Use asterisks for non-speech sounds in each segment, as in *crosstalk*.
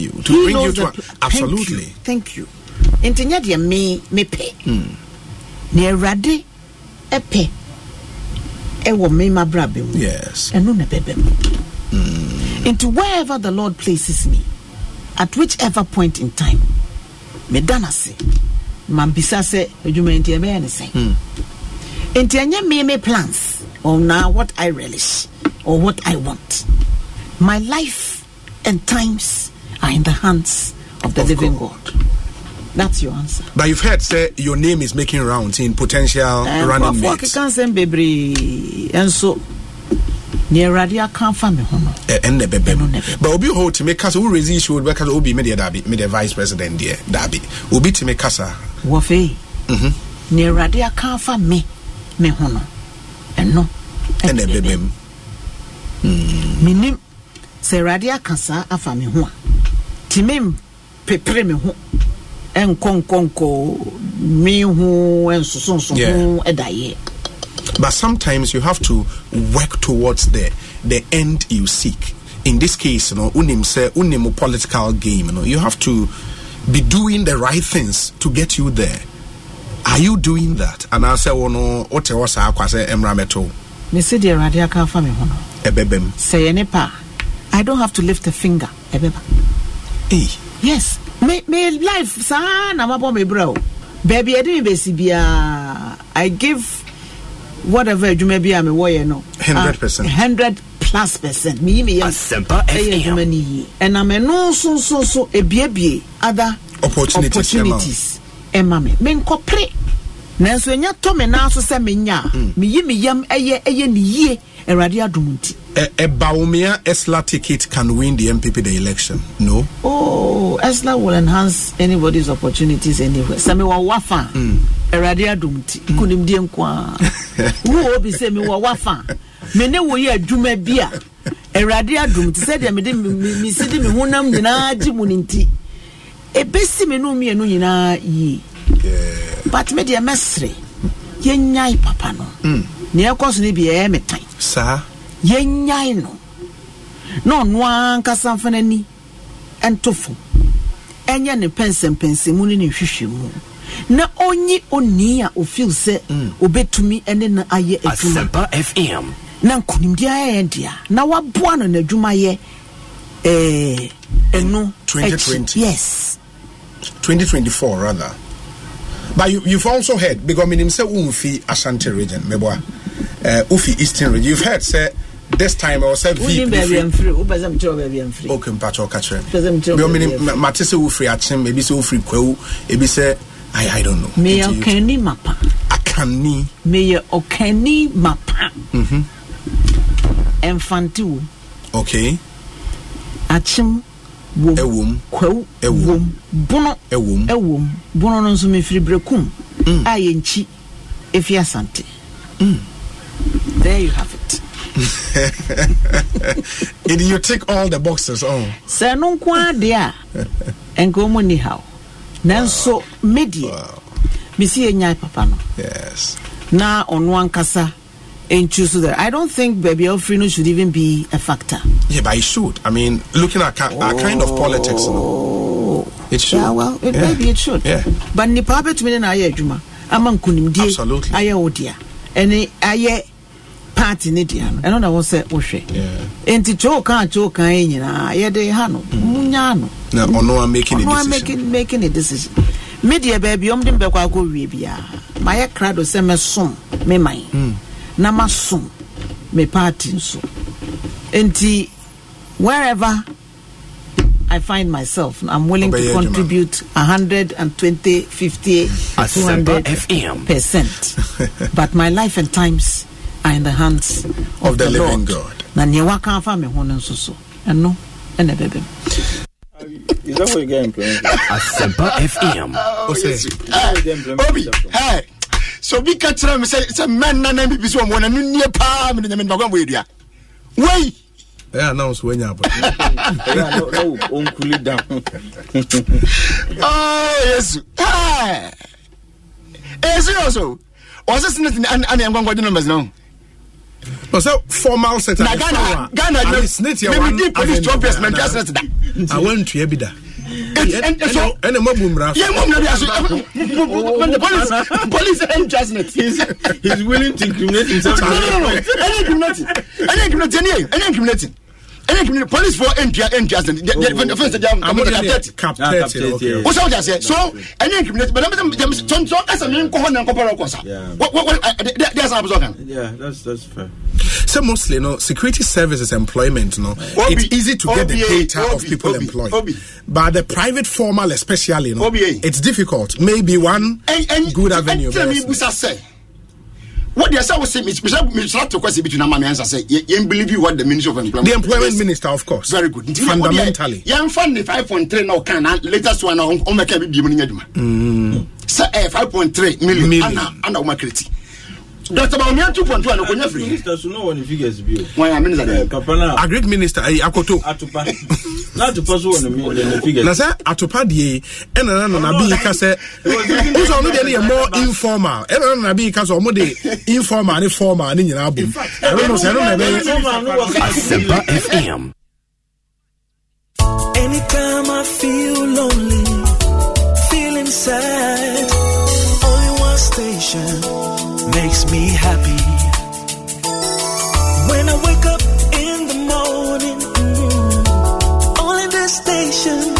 you, to he bring you to pl- absolutely. Thank you. Nti nyɛ me me me pɛ. Hmm. Na Awurade pɛ ɛwɔ me ma bra Yes. Ɛno na bɛbɛ mu. Hmm. Nti wherever the Lord places me, at whichever point in time, me dana se. Mambisa se. sɛ adwuma nti ɛbɛyɛ ne sɛn. Hmm. Nti ɛnyɛ me me plans or now what I relish or what I want. My life and times are in the hands of the of living God. God. That's your answer. But you've heard say your name is making rounds in potential um, running mates. can send bebree and so near radio can't find me home. And the baby. But obi hold to make casa who raise issue because obi media dabi media vice president there dabi obi to make casa. Wafe. Mm-hmm. Near radio can't find me me home. And no. And the baby. Minim. Sɛ Radia kasa afa me ho tìmí pèpèrè mi ho nkɔnkɔnkɔ mi ho nsosonso ho ɛda yɛ. But sometimes you have to work towards the the end you seek. In this case, you know, unim say unim political game. You know, you have to be doing the right things to get you there. Are you doing that? And I say, oh no, what was I say, Emrameto? Missy, dear, I can't find me. Ebebem. Say, Nepa, I don't have to lift a finger. Ebeba. yes me me life saa na mabɔ me brɛ o baabi ɛde me bɛsi biaa i give whatever adwuma bi a mewɔ yɛ no 100 uh, percent hundred plus percent meyi meyɛ ɛyɛ adwuma no yie ɛnam ɛno nso nso so ebiebie other opportunities, opportunities ɛma me menkɔpere nanso ɛnya tɔ me naa so sɛ menya a hmm. meyi me yam ɛyɛ ɛyɛ ne yie Eradi Adumunti. Ebawumia Esla ticket can win the MPP the election. No. Oh, Esla will enhance anybody's opportunities anywhere. Sami wa wafa. Eradi hmm. Adumunti. Ikunimdi nkwa. *laughs* Wo obi se mi wa wafa. Mene wo ye adwuma bia. Eradi Adumunti said ya mede mi sidi mi honam nyinaa gye mu nti. Ebesi me no mienu nyinaa yi. Yeah. But me de mesre yɛnyae papa no hmm. nea ɛkɔ so no bi ɛyɛ metan saa yɛnyae no na ɔno ankasa mfa n'ani ɛnto fo ɛnyɛ ne pɛnsɛmpɛnsɛmu ne ne nhwehwɛmu na ɔnyi ɔnii a ofiw sɛ hmm. obetumi ɛne na ayɛ adwuma fm na nkonimdi ayɛ yɛn dea na waboa no n'adwumayɛ ɛɛ eh, ɛno akyi yes 2024 rather but you, have also heard because minim say umfi Ashanti region meboa uh, eh, ufi Eastern region. You've heard say this time I was say vi free. Okay, mpacho kachere. Because minim mate say ufri achim, ebi say ufri kwewu, ebi say I I don't know. Me okeni mapa. Akani. Me okeni mapa. Mhm. Emfantu. Okay. Achim wom ɛwom kwawu ɛwom bono ɛwom ɛwom bono no nso mefiri berekum mm. a yɛ nkyi efi asante mm. there you have it. *laughs* it you tick all the boxes on. Oh. sɛ no nko adeɛ a *laughs* nka ɔmu ni haw nanso wow. medeɛ wow. mesi yɛnyae papa no yes. na ɔno ankasa into so that I don't think baby Alfrino should even be a factor. Yeah, but it should. I mean, looking at oh. kind of politics, no? Oh. it should. Yeah, well, it, yeah. maybe it should. Yeah. But nipa betumi na Aman adwuma ama nkunimdie ayɛ odia ɛne ayɛ party ne dia no ɛno na wɔ sɛ wohwɛ nti kyɛw kan kyɛw kan yi nyinaa yɛde ha no mm. munya no na ɔno a making ɔno a making making a decision media baabi ɔmo de mbɛkɔ akɔ wie biara mayɛ krado sɛ mɛsom me man. Mm na masom me party nso nti wherever I find myself. I'm willing to contribute 120, 50, 200 percent. *laughs* but my life and times are in the hands of, of the, the, living Lord. God. Na nyewa kan fa me ho nso so. Ɛno ɛna bɛbɛm. Is that what you get implemented? Asempa FM. Oh, yes. Obi, hey. sɛ obi ka kyerɛ me sɛ mɛn nana bibi sɛ ɔmwɔ nano nie paa mene nyame nnipa kɔmbɔ yɛdua wei ɛyɛ announce wanya aba ɔnkuli da yesu yesu eh, yɛ so oh. ɔsɛ senate ana yɛnkwankwa de numbers no ɔsɛ formal set na ghana ghana ne medi police two pierce mantua senate da awantua bi da ɛnso ɛna mo bu mura. yɛ mo mura bi aso police and transnet. he is willing to incriminate himself. ɛna incriminate ɛna incriminate ɛna incriminate. ɛna police for ntua ntua sɛ the fɛn sɛ jam kamu de kaptɛti kaptɛti o sɛ o de ase so ɛne nkiminɛti bɛ n'amɛsɛ jɛm sɔn sɔn ɛsɛ mi nkɔ hɔ na nkɔ pɔlɔ kɔ sa wɔ wɔ ɛɛ de asan abusɔ kan. So mostly, you know, security services employment, you know, it's easy to get the data of people employed, but the private formal, especially, you know, it's difficult. Maybe one good avenue. what they say was say Michelle Michelle to question between Amami and say you believe you what the Ministry of Employment the Employment Minister of course very good fundamentally you am fan the 5.3 now can latest one uh, on make be bi mu nyaduma mm say 5.3 eh, million ana ana o makreti agreed minister ayi eh, eh, akoto. atupa n'atupa so wọ *laughs* ni eh, na nana nabi ka sẹ nsọ ọmọ de ni yẹ more informal ẹnna nana nabi ka sọ ọmọ de informal ni formal ni nyinaa bọ ẹnu nọ sẹ ẹnu nà ẹ asepa fm. Anytime I feel lonely, feeling sad, only one station makes me happy. When I wake up in the morning, mm, all in the station.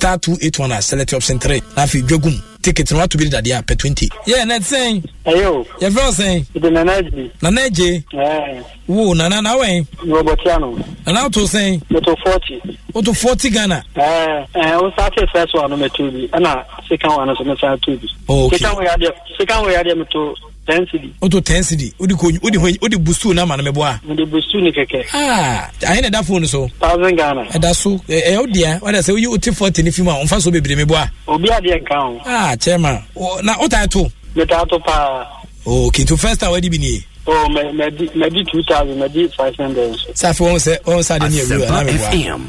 star two eight one as select option three na afei dwagum ticket na wato bi dadeɛ apɛ twenty. yɛ net sɛn. Ayo. o. yɛfrɛ o sɛn. ɛdi nana agye. nana agye. ɛɛ. wo nana na wɛn. Eh? robotiano. nana to sɛn. moto forty. woto forty ghana. ɛɛ ɛɛ o sa se first one mi tu bi ɛna second one nso mi sa tu bi. ok second one yɛ second one yɛ adiɛ mi to ten cd. o to ten cd o de ko o de ho o de busu na ma na mɛ bɔ a. o de busu ni kɛkɛ. aa a ye ne da fone so. thousand ghana. ɛ da so ɛ e, ɛ e, o di yan o da se o yi o ti fɔ ten ni fi o nfa so bebere mi bɔ a. Ah, o bi a di yan kan o. aa cɛ ma na o t'a to. ne t'a to paa. o k'i to first time o de bi nin ye. Oh, me, me di, me di 2,000, me di 500. Safo, on se, on sa deni e wou aname wou.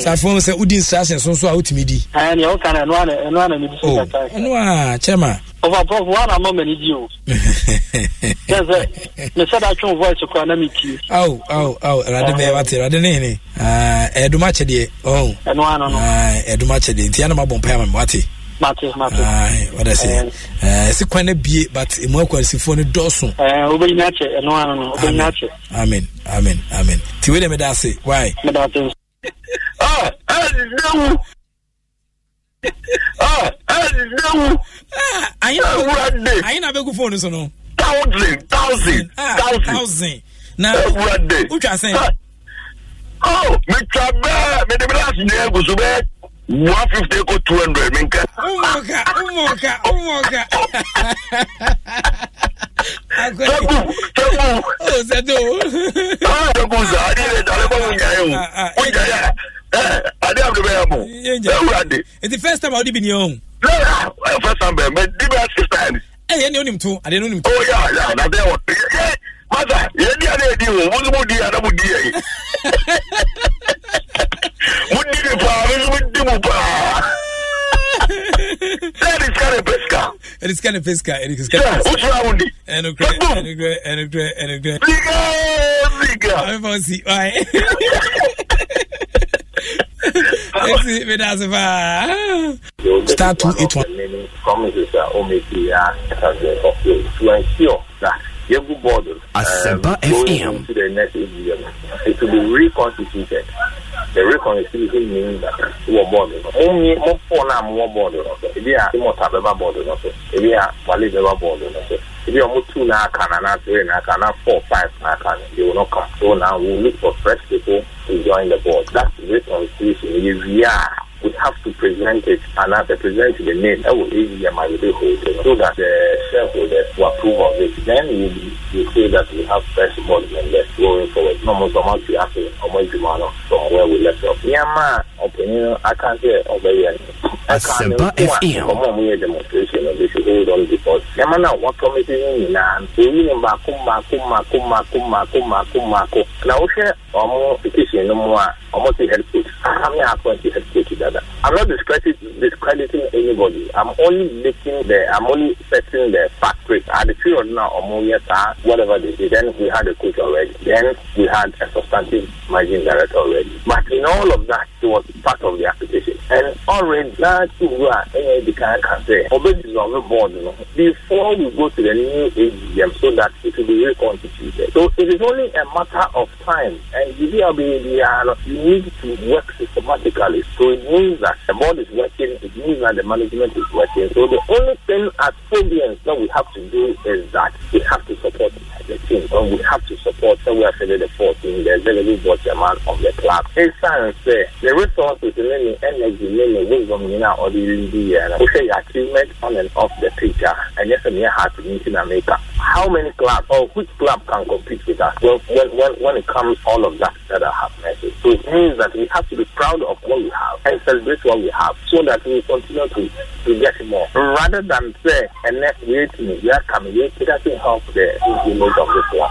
Safo, on se, ou di instrasyen son so a ou ti mi di? E, ni yo kan enwa ne, enwa ne mi di se kata. Enwa, chema. Ova prof, wana mou meni di yo. Nen se, me se da chon voice kwa aname ki. Au, au, au, rade be wate, rade ne ne. E, dumache di No ou. Enwa anon. E, dumache di, ti anama bon pe amame wate. Matthew, Matthew. Aye, eh, bie but emu akwarisifo no, obeyi na kyɛ. meda ase, why? Meda ase. *laughs* Ah, eh, *laughs* ah, eh, ah, so no. Thousand, thousand, thousand. Thousand. Na wura de. Oh, Utwa so bɛɛ one fifty go two hundred mi nka. umuka umuka umuka. sẹ́kù sẹ́kù. o sẹ́tò. aa sẹ́kù sọ adé yẹn dàrẹ́ bá wọn yàn yẹn o wọn yàn yẹn ẹ adé àbúrò bẹ́ẹ̀ mọ̀ ẹ wúra dé. it's the first time ọdún bi ni ọ̀hún. lọ́la first time bẹ́ẹ̀ mẹ dí bẹ́ẹ̀ six times. ẹ yẹn ni ó ní mu tún adé ni ó ní mu tún. ó yà yà nàdẹ́ wọ̀ masa yẹn di adé yẹn di wọ̀ wọ́n tún bó di adé bó di yẹn mudi mi paa mi mudi mu paa that is kind of pesca. It is kind of pesca. It is kind of peska. What's wrong with it? Enukre, enukre, enukre, enukre. Liga, liga. I'm going to see. Why? Let's see. Me that's ah. far. Start two eight one. Promises that only the uh, to ensure that Yegu board. Asaba um, FM. To the next AGM, it will be reconstituted. The reconstitution means that more board. Only more four now more board. If you are more Tabeba board, if you are Walibeba board, if you are more two now, can and three now, can four, five now, can they will not come. So now we look for fresh people to join the board. That's the reconstitution. If you are we have to present it and have to the name that will AGM and holding so that the shareholders will approve of it. Then you, you say that we have fresh board members going forward. No more someone to ask almost demand from where we left off. Yama opinion I can't say obey Asempa FM. Ọmọ mi yẹ demonstration ọ̀dọ̀ ṣe hold on because. Yàmá náà wọ́n kọ́mítì ní nyinaa. Èyí ni mako mako mako mako mako mako mako. Na ó ṣe ọmọ petition mu a, ọmọ ti head coach. Àmì àkọ́ ti head coach dá I'm not discrediting, discrediting anybody. I'm only making the, I'm only setting the fact straight. At the period now, ammonia, whatever they did, then we had a coach already. Then we had a substantive managing director already. But in all of that, it was part of the application. And already, that is where any can say, obey the board, you know, before we go to the new AGM so that it will be reconstituted. So it is only a matter of time. And the are. you need to work systematically. So it knows that the board is working, it means that the management is working. So the only thing as Fabians that we have to do is that we have to support the team and we have to support so we are to the fourth 14, the executive board chairman of the club. It's science there. The resources, the money, energy, money, wisdom, you know, or the leader, we say achievement on and off the picture. And yes, I'm here to meet in America. how many clubs or which club can compete with us when, when, when it comes all of that that I have mentioned? So it means that we have to be proud of what we have and celebrate what we have so that we continue to, to get more. Rather than say, and next waiting, we are coming, it doesn't help the image of this club.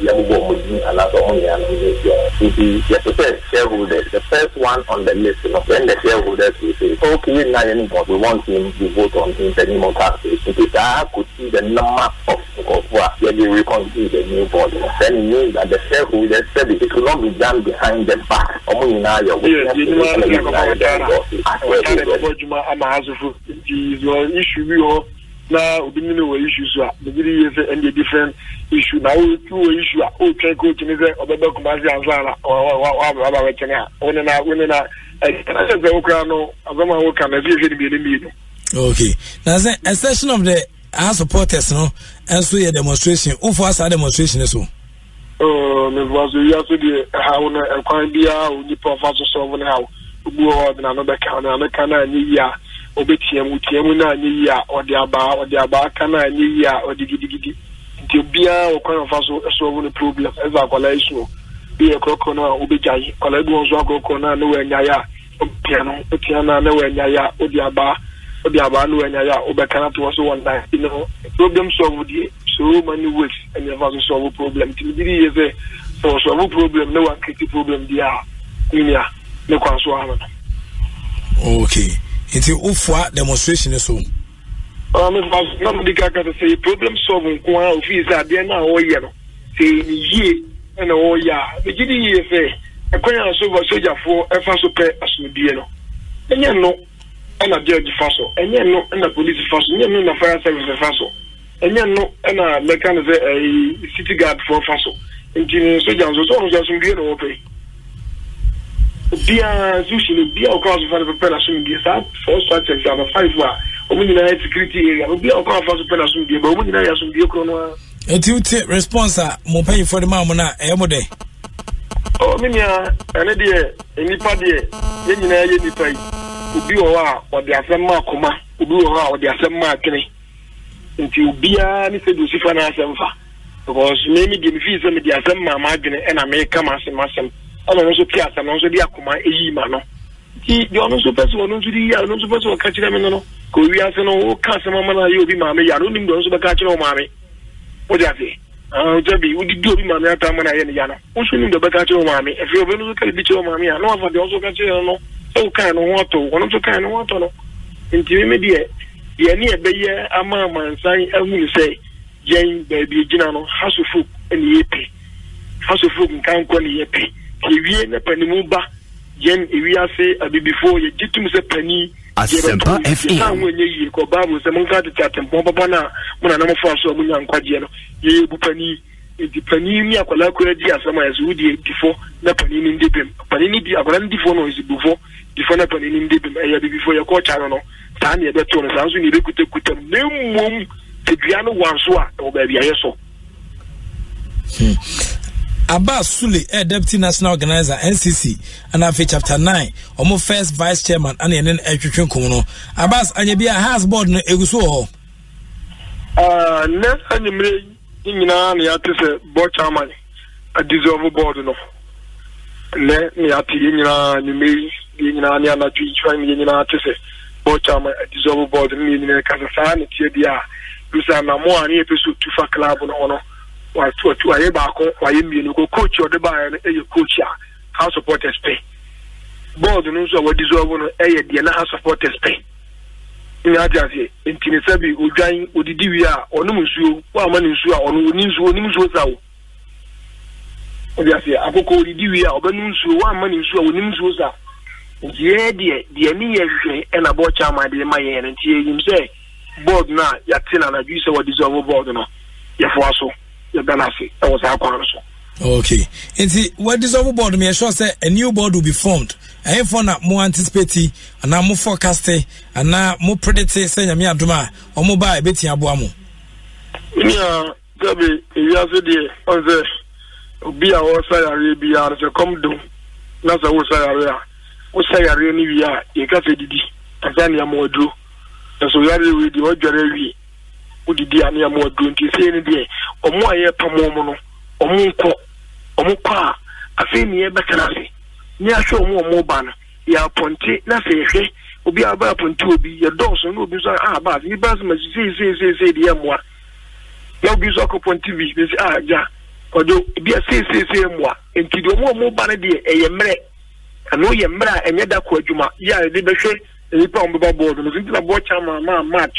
na yɛbobɔ ɔmo din anaasɛ ɔmo nyinaa no ɔmo si ɔmo shareholders the first one on the list no when the shareholders will say okay na yɛn nkɔ we want him to vote on him the minimum tax rate nti saa kò si the number of nkɔfo a yɛde reconsider the new board no then it means that the shareholders sabi it will not be done behind the back ɔmo nyinaa yɛ wɔ yɛ yɛ nyinaa yɛ kɔkɔ wɔ dara ɔmo nyinaa yɛ kɔkɔ adwuma ama ha so fo nti yɛ issue bi wɔ na obi nyine wɔ issue so a bɛbi de yie sɛ ɛnde different issue na wotu wɔ issue a wotwɛn coach ne sɛ ɔbɛbɛ kumase ansa na waba wɛkyɛne a wone na wone na ɛna sɛ sɛ wokora no asɛm a woka na ɛsɛ yɛhwɛ ne mmienu mmienu okay na sɛ extension of the our supporters no ɛnso yɛ demonstration wofo asa demonstration ne so mefoa so wia so deɛ haw no ɛkwan biaa onipa ɔfa so sɔvo ne haw obu hɔ de na no bɛka ne ano ka no anyɛ yie a obetia mu tia mu na anya ɔde aba ɔde aba aka na anya yi ɔde gidigidi nti obiara wɔ kwan afa so ɛsɛ ɔmo ne problem ɛsɛ akwadaa yi so bi yɛ kɔkɔ na obegya yi akwadaa bi wɔn so akɔkɔ na ne wɔanya yi a obetia no obetia na ne wɔanya yi a ɔde aba ɔde aba ne wɔanya yi a ɔbɛka na to so wɔn dan yi problem solve die so many ways ɛna ɛfa so solve problem ti bi di yɛ sɛ sɛ problem ne wɔn akiti problem di a nyina ne kwan so ano no. okay nti wofoa demonstration so ah, na mede kaka sɛ sɛ problem solve nko a ofii sɛ adeɛ no a wɔyɛ no sɛ ɛne yie ɛna wɔyɛ a megye de yie sɛ ɛkwan a sova sogyafoɔ ɛfa so pɛ asomdue no ɛnyɛ no ɛna judge fa so ɛnyɛ no ɛna police fa so ɛnyɛ no na fire service fa so ɛnyɛ no ɛna mɛka no sɛ city guard foɔ fa so nti sogya nso sɛ ɔno sɛ asomdue na wɔpɛ biara nso si no bia ɔkɔ asofa no pɛpɛ n'asomdie saa four structures yɛ aba five a wɔn nyinaa yɛ security area no bia ɔkɔ afa so pɛ n'asomdie ba wɔn nyinaa yɛ asomdie koro no ara. eti wote response a ah, mo mpanyinfoɔ eh, de oh, maa mo na ɛyɛ mo dɛ. ɔ mi nia ɛne deɛ nnipa deɛ yɛn nyinaa yɛ nnipa yi obi wɔ hɔ a ɔde asɛm maa kɔma obi wɔ hɔ a ɔde asɛm maa twene nti obiara ne sɛ de osi fa n'asɛm fa because mɛmi deɛ mi fi sɛ mi de asɛm maa maa dwene ɛna mɛka maa sɛm asɛm ɔno nso te asɛm no nso de akoma eyi ma no nti deɛ ɔno nso pɛ sɛ ɔno nso de yi a ɔno nso pɛ sɛ ɔka kyerɛ me no no ka owi ase no woka asɛm ama no ayɛ obi maame yare onim deɛ ɔno nso bɛka kyerɛ wo maame wogye ase ɔgya bi wodidi obi maame ata ama no ayɛ no ya no wonso nim deɛ ɔbɛka kyerɛ wo maame afei ɔbɛ no nso ka bibi kyerɛ wo maame a na wafa deɛ ɔnso ka kyerɛ no no sɛ wokae no ho atɔ ɔno nso kae no ho atɔ no nti meme deɛ deɛ ne ɛbɛyɛ ama amansan ahunu sɛ yɛn baabi gyina no hasofo ne yɛ pɛ hasofo nka nkɔ ne yɛ pɛ ewie ne panimu ba yɛn ewiase abibifo yɛgye tum sɛ pani asɛmpa fm yɛbɛtɔ ho ɛnyɛ yie kɔ baabu nsɛm nka tete atempɔn papa no mo nana mofa so a monya nkwagyeɛ no yɛyɛ bu pani nti pani ne akwalaa kora di asɛm a yɛ sɛ wodie na pani no nde bem pani no di akwalaa no difo no ɔsi bufo difo na pani no nde bem ɛyɛ abibifo yɛkɔ kya no no saa ne yɛbɛto no saa nso ne yɛbɛkutakuta mu na mmom sɛ dua no wa nso a ɛwɔ baabi ayɛ so Abbas Sule, eh, Deputy National Organizer NCC, and after Chapter 9, ọmọ first vice chairman, and then Etwitwe Nkomo. Abbas, anya bi a house board no eguso Uh, next yi nyinaa na yɛate sɛ board chairman board na yɛate yɛ nyinaa anwummerɛ yi yɛ nyinaa ne anadwo yi fa yɛ nyinaa te sɛ board chairman board a wayɛ baako wayɛ mmienu ko coach ɔde baayɛ no yɛ coach a ha supporters pɛ board no nso a wɔde zɔɔbo no deɛ na ha supporters pɛ nyɛ ate aseɛ nti ne sɛ bi odwan odidi a nsuo wɔama ne nsuo a nsuo nsuo wo ɔde aseɛ akokɔ odidi a nsuo a onim nsuo sa ma na anadwo yɛda no ase ɛwɔ saa kwan so okay nti wɔdisɔfo board mi ɛsɛ sɛ a new board will be formed ɛyɛfo na mo anticipate anaa mo forecast anaa mo predict sɛ nyame adom a ɔmo ba ɛbɛtia aboa mo nea sɛbe ewiase deɛ ɔn sɛ obi a wɔsa yareɛ biara no sɛ kɔm dom na sɛ wosa yareɛ a wosa yareɛ no wie a yɛka sɛ didi ansa nea ma waduro na so yareɛ wei deɛ wɔdware wodidi aneama aduro nti sei no deɛ ɔmo a yɛpam ɔmo no ɔmo nkɔ ɔmo kɔ a afei ne yɛbɛtena ase ne ahwɛ ɔmo ɔmo ba no yɛapɔnte na sɛ yɛhwɛ obi a ba apɔnte obi yɛdɔɔso na obi nso a ah, ba ase nipa asoma si sei sei sei sei deɛ mmoa na obi nso akɔpɔnte bi bɛsi a ah, gya ɔdo ebi a sei sei sei mmoa nti deɛ ɔmo ɔmo ba no deɛ ɛyɛ mmerɛ ɛno yɛ mmerɛ a ɛnyɛ da adwuma yɛ a yɛde bɛhwɛ nipa a ɔmo bɛba bɔɔdo no nti na bɔɔ match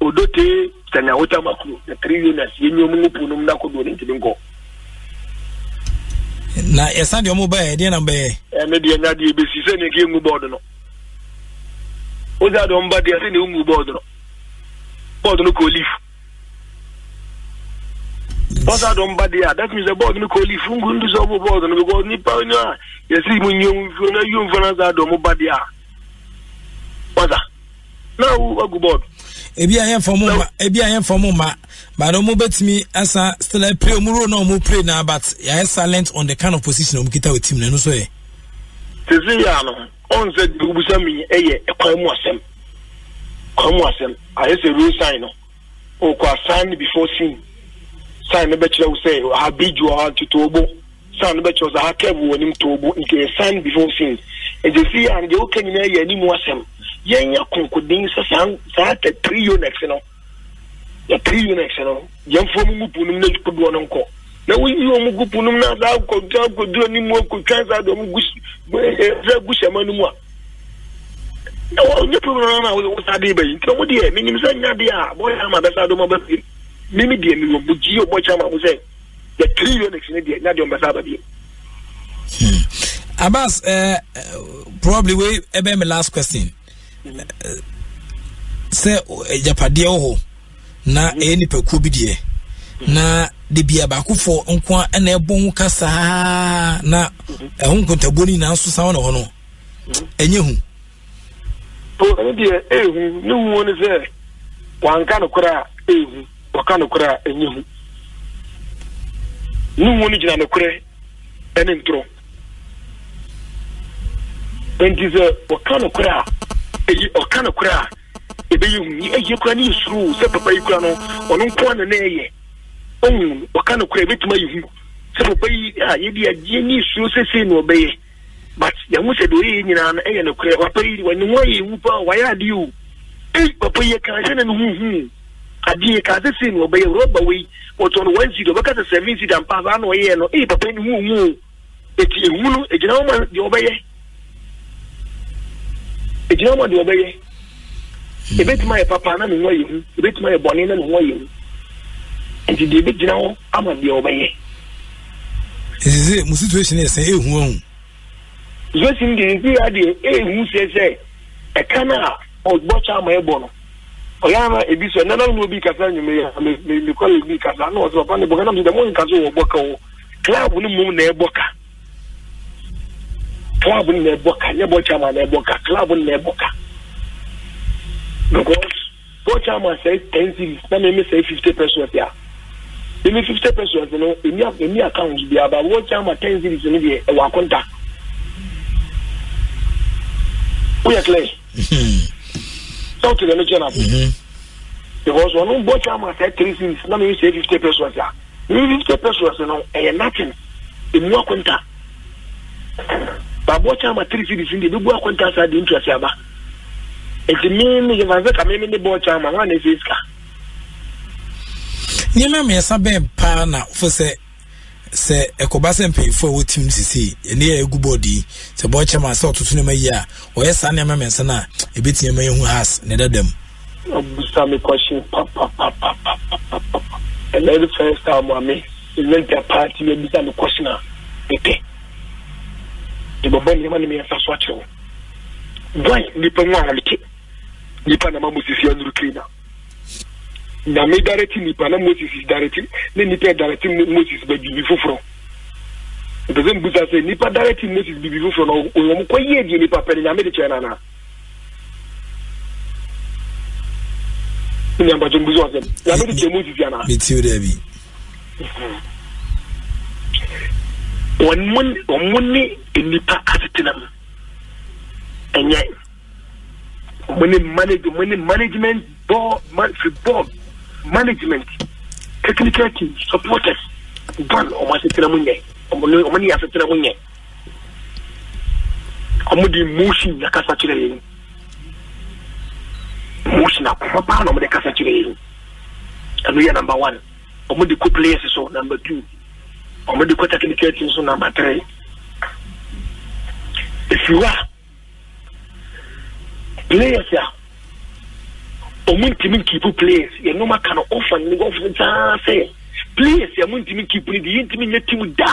odote sani awota makuru na three units yɛ nyɛ ɔmo pu nom nakɔ do ne ntumi nkɔ. na yɛsa deɛ ɔmo bɛyɛ deɛ na bɛyɛ. ɛne deɛ nya deɛ ebesi sɛ ne ke ngu bɔɔdo no oza deɛ ɔmo ba deɛ sɛ ne ngu bɔɔdo no bɔɔdo no kɔ leaf oza deɛ ɔmo ba deɛ a that means sɛ bɔɔdo no kɔ leaf ngu ndu sɛ ɔmo bɔɔdo no because nipa ni a yɛsi mu nyɛ ɔmo fi na yi ɔmo fana za deɛ ɔmo ba deɛ a waza na awu agu bɔɔdo ebi a yɛn fɔmu ma ebi a yɛn fɔmu ma but ɔmo betumi asa still a pray. ɔmo role na ɔmo play na but yɛayɛ silent on the kind of position ɔmo kita wɔ team na ɛno so yɛ. sisi yà no ɔn sɛ dugubisa mi yɛ ɛkwan mu asɛm kwan mu asɛm ayɛ sɛ rule sign no ɔkɔ asan before sin. sign no bɛkyerɛ wo sɛ ha ah, bridge wɔ ha tutu obo sign no bɛkyerɛ wo sɛ ha ah, curve wɔ anim to obo sign before sin, nti sisi yà no deɛ ɔka nyinaa yɛ anim asɛm yɛnyɛ konkoden sɛ saa saa tɛ three units no yɛ three units no yɛmfoɔ mu gupu no na kodoɔ no nkɔ na woyi wɔn mu gupu no na saa akɔtwa akɔduro ne mu akɔtwa saa deɛ wɔn gu ɛfɛ gu hyɛma no mu a na wɔn nyɛ pɛm no na wɔn saa de bɛyi nti wɔn deɛ menim sɛ nya deɛ a bɔyɛ ama bɛsa dɔm e. hmm. abɛfiri mimi deɛ mi wɔ bugyi ɔbɔ kyɛn ma ko sɛ yɛ three units ne deɛ nya deɛ ɔbɛsa aba deɛ. abas uh, eh, eh, probably wey ebe my last question sɛ agyapadeɛ eh, wɔ hɔ na mhm. ɛyɛ nipakuo bi deɛ mhm. na de bia baakofoɔ nko a ɛna ɛbɔ ho kasaa na mhm. ɛho nkontabuo no nyinaa nso saa wɔ hɔ no ɛnyɛ hu ɛno deɛ ɛhu ne huo ne sɛ wanka no korɔ a ɛhu wɔka no korɔ a ɛnyɛ hu ne huo no gyina nokorɛ ɛne ntorɔ ɛnti sɛ wɔka no korɔ a eyi ɔka no kora a hu yi kora ne yɛsuro sɛ papa yi kora no ɔno nko na na ɛyɛ ɔhu ɔka no kora ɛbɛtumi ayi hu sɛ papa yi a yɛde agyeɛ ne yɛsuro sɛsei na ɔbɛyɛ but yɛho sɛ deɛ ɔyɛyɛ nyinaa no ɛyɛ no kora papa yi wɔne ho ayɛ wu paa wɔayɛ adeɛ o ei papa yi ɛka sɛ na no huhu adeɛ yɛka sɛsei na ɔbɛyɛ rɔba wei wɔtɔ no one seed ɔbɛka sɛ seven seed ampa saa na ɔyɛɛ no ei papa yi ne huhu eti ehu no egyina hɔ deɛ ɔbɛyɛ egyina ọmọdé ọbẹyẹ hmm. ebetuma yɛ papa na ne yɛ hu ebetuma yɛ bɔnne na ne ho ayɛ hu nti deɛ ebegyina hɔ ama deɛ ɔbɛyɛ. esise mu situation yɛ sɛ ehu situation deɛ ya deɛ sɛ sɛ ɛka no a ɔbɔ kyɛ ama ɛbɔ no ɔyɛ ama ebi sɔ nana obi kasa nyuma me me me kasa na ɔsɛ papa ne bɔ kana mi sɛ mo nka wɔ bɔ ka na ɛbɔ ka. club na ɛbɔ ka nyɛ bɔ chairman na ɛbɔ ka club na ɛbɔ ka because bɔ chairman sɛ ten series na mi mi sɛ fifty persons ya emi fifty persons no emi emi account bi aba bɔ chairman ten series no deɛ ɛwɔ akonta o yɛ clear sɛ o tɛlɛ mi kyɛn na fo because ɔno bɔ chairman sɛ three series na mi mi sɛ fifty persons ya emi fifty persons no ɛyɛ eh, nothing emu akonta baabo kyama three series ndi ebi bu akwanta asa di ntu ase aba eti mi ni yaba nse ka mi mi ni bɔɔl kyama wa na efe sika. nneɛma mmiɛnsa bɛn paa na fo sɛ sɛ ɛkɔba sɛ mpanyinfo a wɔtim no sisi ɛne yɛ egu bɔɔl yi sɛ bɔɔl kyama sɛ ɔtoto nneɛma yi a ɔyɛ saa nneɛma mmiɛnsa na ebi ti nneɛma yi ho has ne dada mu. ɔbusa mi kɔhyɛ papapapapapa e dibɔbɔ nneɛma ne mmiɛnsa so akyerɛ wo bwan nnipa mu ahaneke nnipa na ma mosisi anuru kei na na me dareti nnipa na moses dareti ne nnipa dareti moses ba biribi foforɔ ɛpɛ sɛ mbusa sɛ nnipa dareti moses biribi foforɔ na ɔwɔ m kɔyɛ adie nnipa pɛ ne nyame de kyerɛ no anaa nyame de kyerɛ moses anaa metiw daabi wɔn ne nnipa atetena mu ɛnyɛ wɔn ne manage wɔn ne management board man fi board management technical team supporters ban wɔn atetena mu nyɛ wɔn ne wɔn ne atetena mu nyɛ wɔn de motion akasa kyerɛ yɛn motion akoma paa na wɔn de kasa kyerɛ yɛn ɛno yɛ number one wɔn de kɔ players so number two ɔmo de kɔ technical team so number three efi hɔ a players a ɔmo ntumi nkipu players yɛ nneɛma ka no ɔfa ne ɔfa taa sɛ players a ɔmo ntumi nkipu ne deɛ ntumi nyɛ team da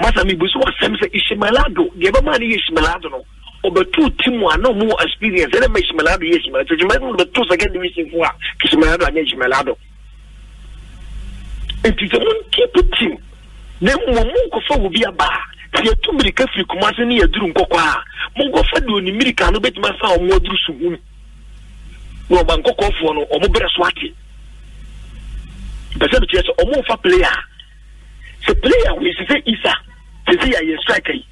masa mi bu so wasɛm sɛ ishmaelado deɛ ɛbɛma ne yɛ ishmaelado no ɔbɛtu team a na ɔmo wɔ experience ɛna ma ishmaelado yɛ ishmaelado ishmaelado bɛtu second division fo a ishmaelado anyɛ ishmaelado nti sɛ nkipu team na mmom nkɔfa wo bi aba a sɛ yɛtu mmirika firi kuma se ne yɛduru nkɔkɔ a monkɔfa de ɔni mmirika no bɛtumi sa ɔmo aduru suhum na ɔma nkɔkɔɔfoɔ no ɔmo berɛ so ate pɛ sɛ mekyerɛ sɛ ɔmomfa player a sɛ player wei sɛ sɛ isa sɛ sɛ yɛayɛ strike yi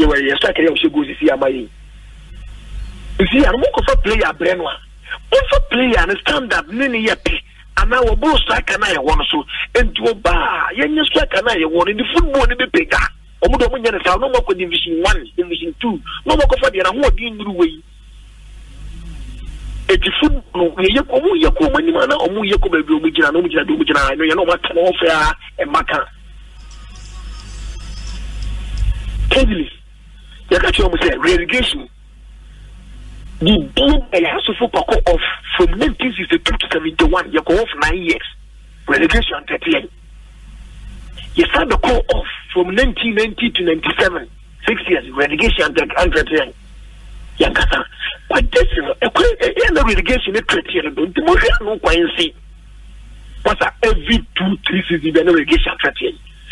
yɛwɔ yɛ strike yi a wɔhyɛ goal sisi ama yi nsi yɛ no monkɔfa player brɛ no a momfa player no standard ne ne yɛ pɛ anaa awọ strike aka na yɛwɔ no so nti wɔbaa yɛnyɛ strike no yɛwɔ no ne football no bɛpɛ da ɔmo de ɔmo nyɛ no saa na ɔmo akɔ division one division two na ɔmo akɔfa deɛ n'ahoɔden nuru wɔ yi eti football no yɛyɛ kɔ ɔmo yɛ kɔ ɔmo anim ana ɔmo yɛ kɔ baabi ɔmo gyina na ɔmo gyina ɔmo gyina na ɔmo ata na ɔmo fɛ a ɛma ka kyerɛ ɔmo sɛ relegation the has Yasufo Pako off from 1962 to 71, you off nine years. Relegation 38. You start the call off from 1990 to 97, six years, relegation 38. But this is a relegation 38. Don't you know what I'm saying? What's every two, three seasons, relegation 38.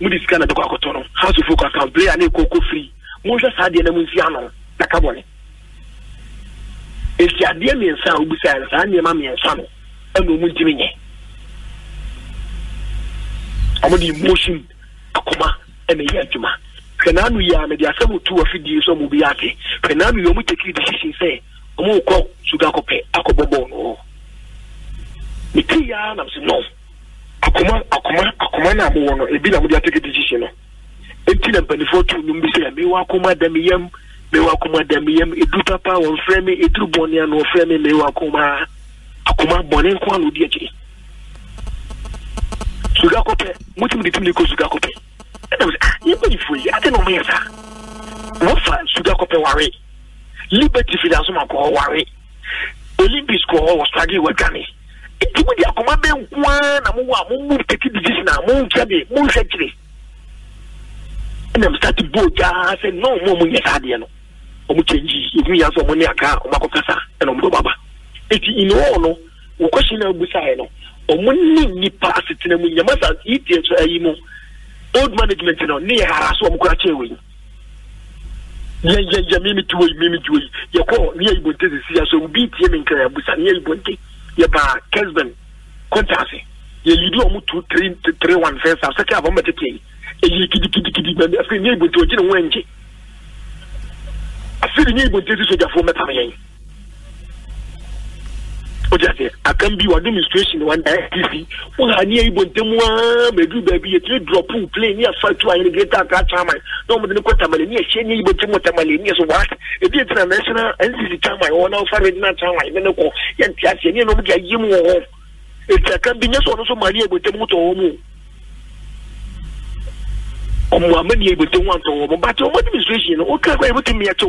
mode sika na ɛbɛkɔ akɔtɔ no house of folk account ne ɛkɔ kɔ monhwɛ saa deɛ na monsi ano na bɔne ɛsi adeɛ mmiɛnsa a wobisae no saa nneɛma mmiɛnsa no ɛna ɔmu ntimi nyɛ ɔmode emotion akoma ɛna ɛyɛ adwuma hwɛ naa no yi a mede asɛm otu wɔ sɛ ɔmo bi ate hwɛ naa no yi ɔmo tekiri decision sɛ ɔmo kɔ suga akɔpɛ akɔbɔ no hɔ metii aa nam sɛ no akoma akoma akoma na mo wɔ no ebi na mo de atake decision no eti na mpanimfoɔ tu num bi sɛ yɛ mewa akoma da me yam mewa akoma da me yam edu papa wɔn frɛ mi eduru bɔnne ano wɔfrɛ mi mewa akoma akoma bɔnne nko ano di akyire suga kɔpɛ mo ti mi de ti mi de ko suga kɔpɛ ɛna mo sɛ ah yɛ mpanimfoɔ yi adi na ɔmo yɛ saa wɔfa suga kɔpɛ ware liberty fi da so ma kɔ ware olympics kɔ wɔ wɔ wɔ dwane nti mo di akoma bɛ nkoa na mo wɔ a mo mo teki disease na mo nhwɛ de mo nhwɛ kyerɛ ɛna mo start bo gyaa sɛ no mo mo nyɛ saa adeɛ no ɔmo kyɛnji ebi yɛn sɛ ɔmo ne aka ɔmo akɔkasa ɛna e ɔmo dɔ baba eti inoɔ no wɔkɔsi na ebu saa yɛ e no ɔmo ne nipa asetena mu nyamasa e yi tie so ayi mu old management no ne yɛ hara so ɔmo kora kyɛn wɔ yi yɛn yɛn yɛn mímí tiwɔ yi mímí tiwɔ yi yɛ kɔ ne yɛ ibonte sisi yɛ so obi tie mi nkira yɛ busa ne yɛ ibonte yɛba kesben kontase yɛlidi ɔmo two three three one first half second half ɔmo bɛtete yi eyi kidikidigidi bɛn afei ne ibonti ogye ne ho ɛngye afei ne ibonti esi sojafoɔ mɛpam yɛn wọ́n e e ti sẹ́ àkàn bí wà demonstration wà ní ndc wọ́n hà ní ẹ̀yìnbó ntẹ́mu áá mẹ́dúró bẹ́ẹ̀bi yẹ ti drop plane ní afáàtú àyẹ̀nì gẹ́tà àkàrà chairman náà wọ́n ti ní kó tamale ní ẹ̀ṣẹ́ ní ẹ̀yìnbó ntẹ́mu tamale ní ẹ̀ṣọ́ wáá ebi yẹ ti na national ndc chairman wọn náà fara ẹ̀dínà chairman ẹ̀dínà ní kọ yẹ ti àṣẹ ní ẹ̀nà ọmọdé ayé mu wọ̀ họ́ ètò àkàn bí nyẹ́sọ̀ ọ̀nà sọ màá ní ẹ̀yìnbó ntẹ́mu tọ̀ wọ́n mu ọmọ amẹ́ni ẹ̀yìnbó ntẹ́mu àtọ̀ wọ́n mu bàtẹ́ ọmọ administration ó kẹ́kọ̀ọ́ ẹ̀yìnbó ti mìíràn tó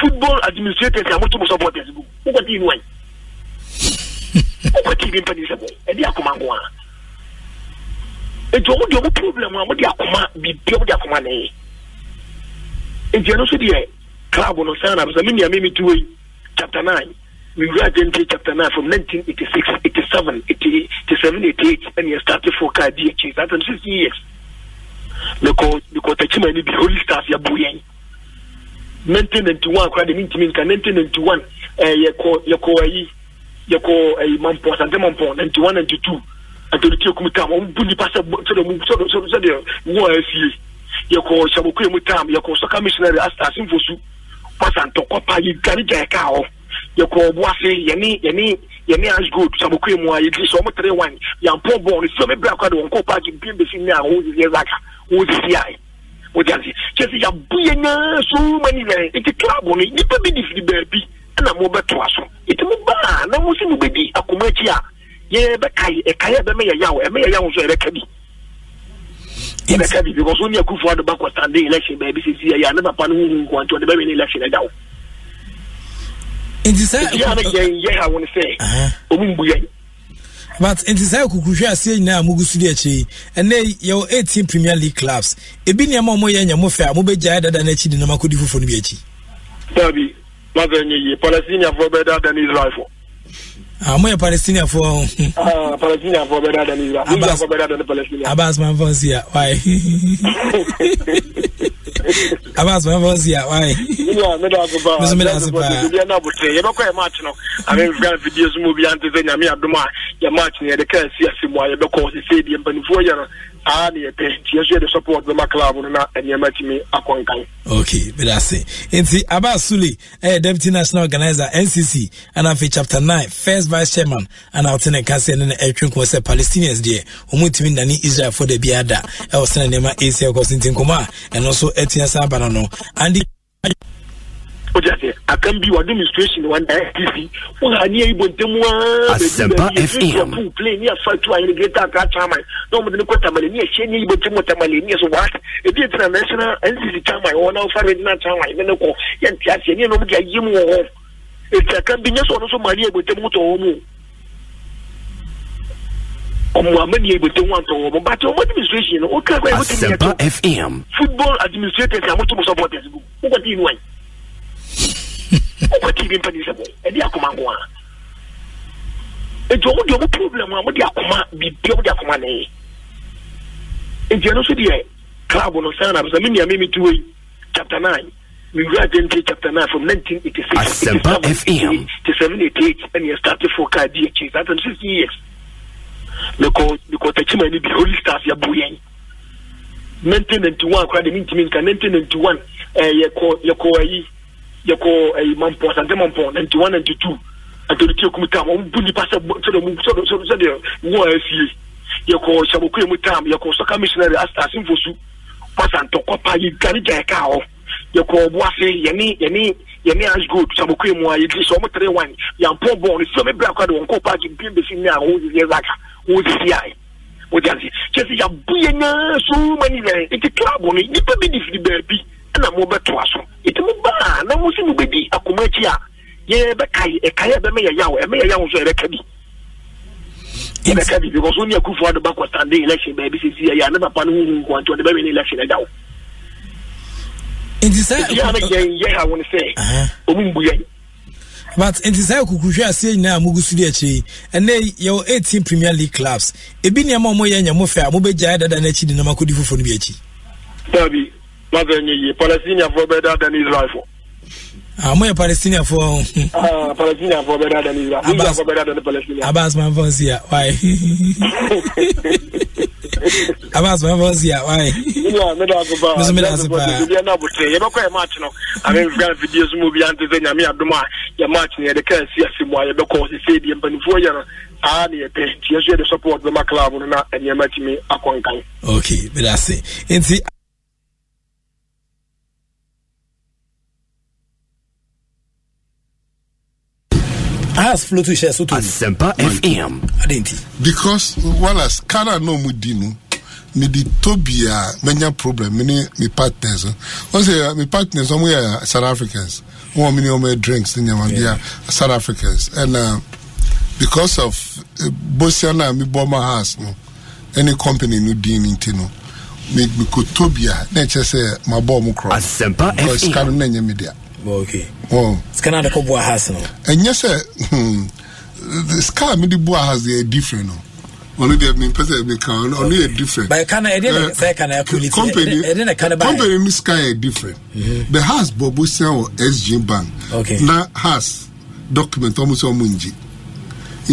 football administrators àmọ́tò mu supporters gbogbo ó kọ́ ti ìnú ẹ̀yìn wokɔti bi mpani sɛ ɛde akoma nko a nti ɔmo deɛ ɔmo problem a mode akoma biribia mode akoma ne ye nti ɛno so deɛ club no saa na sɛ me nea meme tuwei chapter 9 mewura agyentie chapter nine from 1986 87 87 88 ɛne ɛstarte fo kaa di akyi saa tam 16 years mekɔ mekɔ takyima ni bi holy stars yɛbo yɛn 1991 koraa de mentumi nka 1991 ɛɛ yɛkɔ yɛkɔ ayi yɛkɔ ɛyi mampɔ sante mampɔ ninety one ninety two adolite kum tam ɔmo bu nipa sɛ sɛdeɛ mu sɛdeɛ sɛdeɛ wɔ ɛfie yɛkɔ sabokoye mu tam yɛkɔ sɔka missionary asinfo su pasantɔ kɔpa yi gari gya ɛka hɔ yɛkɔ ɔboase yɛne yɛne yɛne ash gold sabokoye mu a yɛdi sɛ ɔmo tere wan yɛmpɔ bɔn ne sɛmɛ bere akɔ de wɔn kɔ paaki bi besi ne a wɔn yɛ zaka wɔn sisi ayɛ wɔn di ase kyɛ sɛ yabu yɛ nyɛ so mani yɛn eti club no nipa bi di firi baabi ɛna mobɛtoa so ɛtumi baa na mo si mo bɛdi akoma akyi a yɛbɛkae ɛkae a ɛbɛmɛ yɛ yaw ɛmɛ yɛ yaw nso yɛbɛka bi yɛbɛka bi because wo ne akufo ado ba kɔstande election baabi sɛsi ɛyɛ a ne papa no huhu nkoa nti ɔde bɛwene election ɛda wo nti sɛ ɛyɛ yɛ ha wo sɛ ɔmu mbu yɛn but nti saa kukuhwe aseɛ nyinaa mugu so di akyire ɛnɛ yɛwɔ 18 premier league clubs ebi nneɛma a wɔyɛ nyɛ mo fɛ a mobɛgyae dada no akyi de nam akɔdi no bi akyi maza nye yie palestiniafoɔ bɛda da ne israelfoɔ àmọ́ yẹ palestiniafoɔ. palestiniafoɔ bɛ dada ni israel israelfoɔ bɛ dada ni palestiniafoɔ. abas maa n fɔ n si ya waaye. abas maa n fɔ n si ya waaye. nínú mi da so paa mi da so paa ebi ɛna abotire yɛ bɛ kɔ yɛ maa kyinɔ àmì nfin fidie sumu bi an ti sɛ nyami adum a yɛ maa kyinɔ yɛ de kaa si asimu a yɛ bɛ kɔ sise die mpanimfoɔ yɛ no a ne yɛpɛ nti yɛso e yɛde support bɛma aba e sule ɛyɛ e deputy national organizer ncc ana afei chapter 9 first vice chairman ana wote ne ka sɛ ne ne ɛtwe nkɔmmɔ sɛ palestinians deɛ ɔmutumi nane israelfoɔ da biaa da ɛwɔ sɛ ne nneɛma ɛsi ɛkɔ so nti nkɔmmɔ a ɛno nso atua sa aba no no ande wọ́n jẹ́ àkàn bí wọ́n demonstration wọn náà ndc wọ́n hà ní ẹ̀yìnbó ntẹ́mu wá. àṣẹ̀bá fm. wọ́n play ní afa tu ayé gẹ́tà àti àtàmà náà wọ́n ní kó tàmàlẹ̀ ní ẹ̀ṣẹ́ ní ẹ̀yìnbó ntẹ́mu tàmàlẹ̀ ní ẹ̀ṣọ́ wáá ebi ètò náà national ncc tàmà wọn náà fara ẹ̀dínà tàmà ẹ̀dínà kọ yẹn ti àṣẹ ní ẹ̀nà ọmọdé ayé mu wọ̀ ètò àkàn bí nyẹ́sọ̀ ọ̀nà sọ màá ní ẹ̀yìnbó ntẹ́mu tọ̀ wọ́n mu ọmọ amẹni ebute wọn tọ wọn bá tẹ ọmọ administration náà kí ẹ kọ ẹ wọ́n ti ní ẹ tó football administrators àmọ́tò mọ́sọ́ bọ́ọ̀dẹ̀ẹ́sì gbogbo wọ́n kọ́ ti inú wobɛtumi bi mpa ni sɛ ɛde akoma nko a nti ɔmo deɛ ɔmo problem a mode akoma biribia mode akoma na ɛyɛ nti ɛno nso deɛ club no saa na sɛ menua memetuo yi chapter nine mewura agente chapter nine from nineteen eighty six asɛmpa fm to seven eighty eight ɛne ɛstarte fo kaa di akyi saa tam sixteen years mekɔ mekɔ takyi ma ni bi holy stars yɛbo yɛn nineteen ninety one koraa de mentumi nka nineteen ninety one ɛɛ eh, yɛkɔ yɛkɔ ayi yɛkɔ ɛyi eh, mampɔ asante mampɔ ninety one ninety two atoliti ekum tam ɔmu bu nipa sɛ sɛdeɛ mu sɛdeɛ sɛdeɛ sɛdeɛ wɔn a esie yɛkɔ sabokuye mu tam yɛkɔ sɔka missionary asinfo su pasantɔ kɔpa yi gani gya ɛka hɔ yɛkɔ buase yɛne yɛne yɛne ash gold sabokuye mu a yɛdi sɛ ɔmu tere wine yɛmpɔ bɔn ne sɛmɛ bira kɔ de wɔn kɔ paaki bien besi ne a wɔn yɛ zaka wɔn sisi ayɛ wɔn ti ase kyɛ sɛ yabu yɛ nyɛ so mani yɛ nti club ni nipa bi di firi baabi ɛna mo bɛtoa so nti mo baa na mo si mo bɛdi akoma akyi a yɛbɛkae ɛkae a ɛbɛmɛ yɛ yaw ɛmɛ yɛ yaw nso yɛbɛka bi yɛbɛka bi because wɔn ni akufo ado ba kɔstande election baabi sisi yɛ yɛ ne papa no huhu nkwa nti ɔde bɛ win election ɛda o. nti sɛ ɛbi a bɛ yɛn yɛ ha wɔn sɛ ɔmu mbu yɛn. but nti sɛ kukuhwɛ aseɛ nyinaa a mugu so di akyire ɛnɛ yɛwɔ 18 premier league clubs ebi nneɛma a wɔyɛ nyɛ mo fɛ a mobɛgyae dada no akyi de nam akɔdi foforɔ no bi akyi maza enye yie palestiniafoɔ bɛda da ne israelfoɔ àmọ́ ah, yẹ palestinian fọ. *laughs* Ah, palestinian fọ bẹ́ẹ̀ dáadáa ní israel israel fọ bẹ́ẹ̀ dáadáa ní abas máa ń fọ́n sí abas máa ń fọ́n sí à wáyé. nínú so pa àmì dà so pa àmì dà so pa yẹ bẹ kọ yẹ máa tì nọ àmì nfìyà fìdí bi à ń tẹsẹ nyàmì àdúmọ à yẹ máa tì de kẹrẹ sí àsìmọ à yẹ bẹ kọ ọsẹ sẹẹdi mpanyinfoɔ yẹ no aa ni tiɛ so yɛ support bɛ club no na ɛnìyɛn ma ti mi akɔ nti. has flow to share so to Asempa FM. Adenti. Because walas kana no mu di no me di tobi a menya problem me ne me partners. Wọ́n sẹ me partners ọmọ yẹ South Africans. Wọ́n mi ni ọmọ drinks ni yẹn yeah. South Africans and uh, because of eh, bosia na mi bọ ma house no any company no di ni ti no me me ko tobi a na kyerɛ sɛ ma bɔ ɔmo As Asempa FM. Because kano na nye mi di okay. oh. sika no ade kɔboa hase no ɛnyɛ sɛ sika mede boa hase yɛ different no ɔno deɛ mempɛ sɛ meka ɔno yɛ different uh, company no sika yɛ different mm-hmm. The has bɔbɔ sia wɔ sg bank okay. na has document ɔmo sɛ ɔmo ngye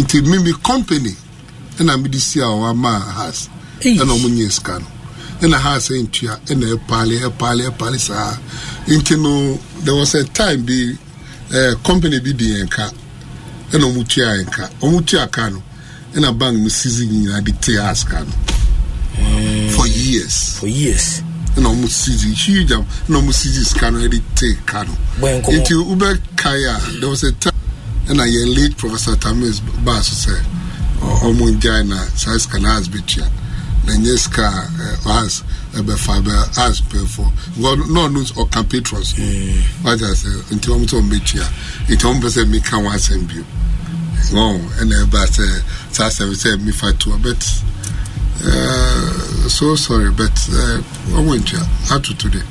nti mimi company ɛna mede si a ɔwɔ has ɛna ɔmo nyɛ sika no ɛna ha sɛ ntua ɛna ɛpaale ɛpaale ɛpaale saa nti no there was a time bi ɛɛ company bi di yɛn ka ɛna wɔn tua yɛn ka wɔn tua ka no ɛna bank no sisi nyinaa de te house ka no for years for years ɛna wɔn sisi huge am ɛna wɔn sisi sika no ɛde te ka no nti wobɛ kae a there was a time ɛna yɛ late professor tamis baaso sɛ ɔmo gyae na saa sika no house bɛ tua na sika eh, as ɛbɛfa bɛ as pɛfo because no ɔno ɔka patrons no I say, eh. nti wɔn sɛ ɔmɛtua nti wɔn pɛ sɛ meka wɔn asɛm bio wɔn ɛna ɛba sɛ se mi sɛ mifa toa but uh, so sorry but I wɔn How to today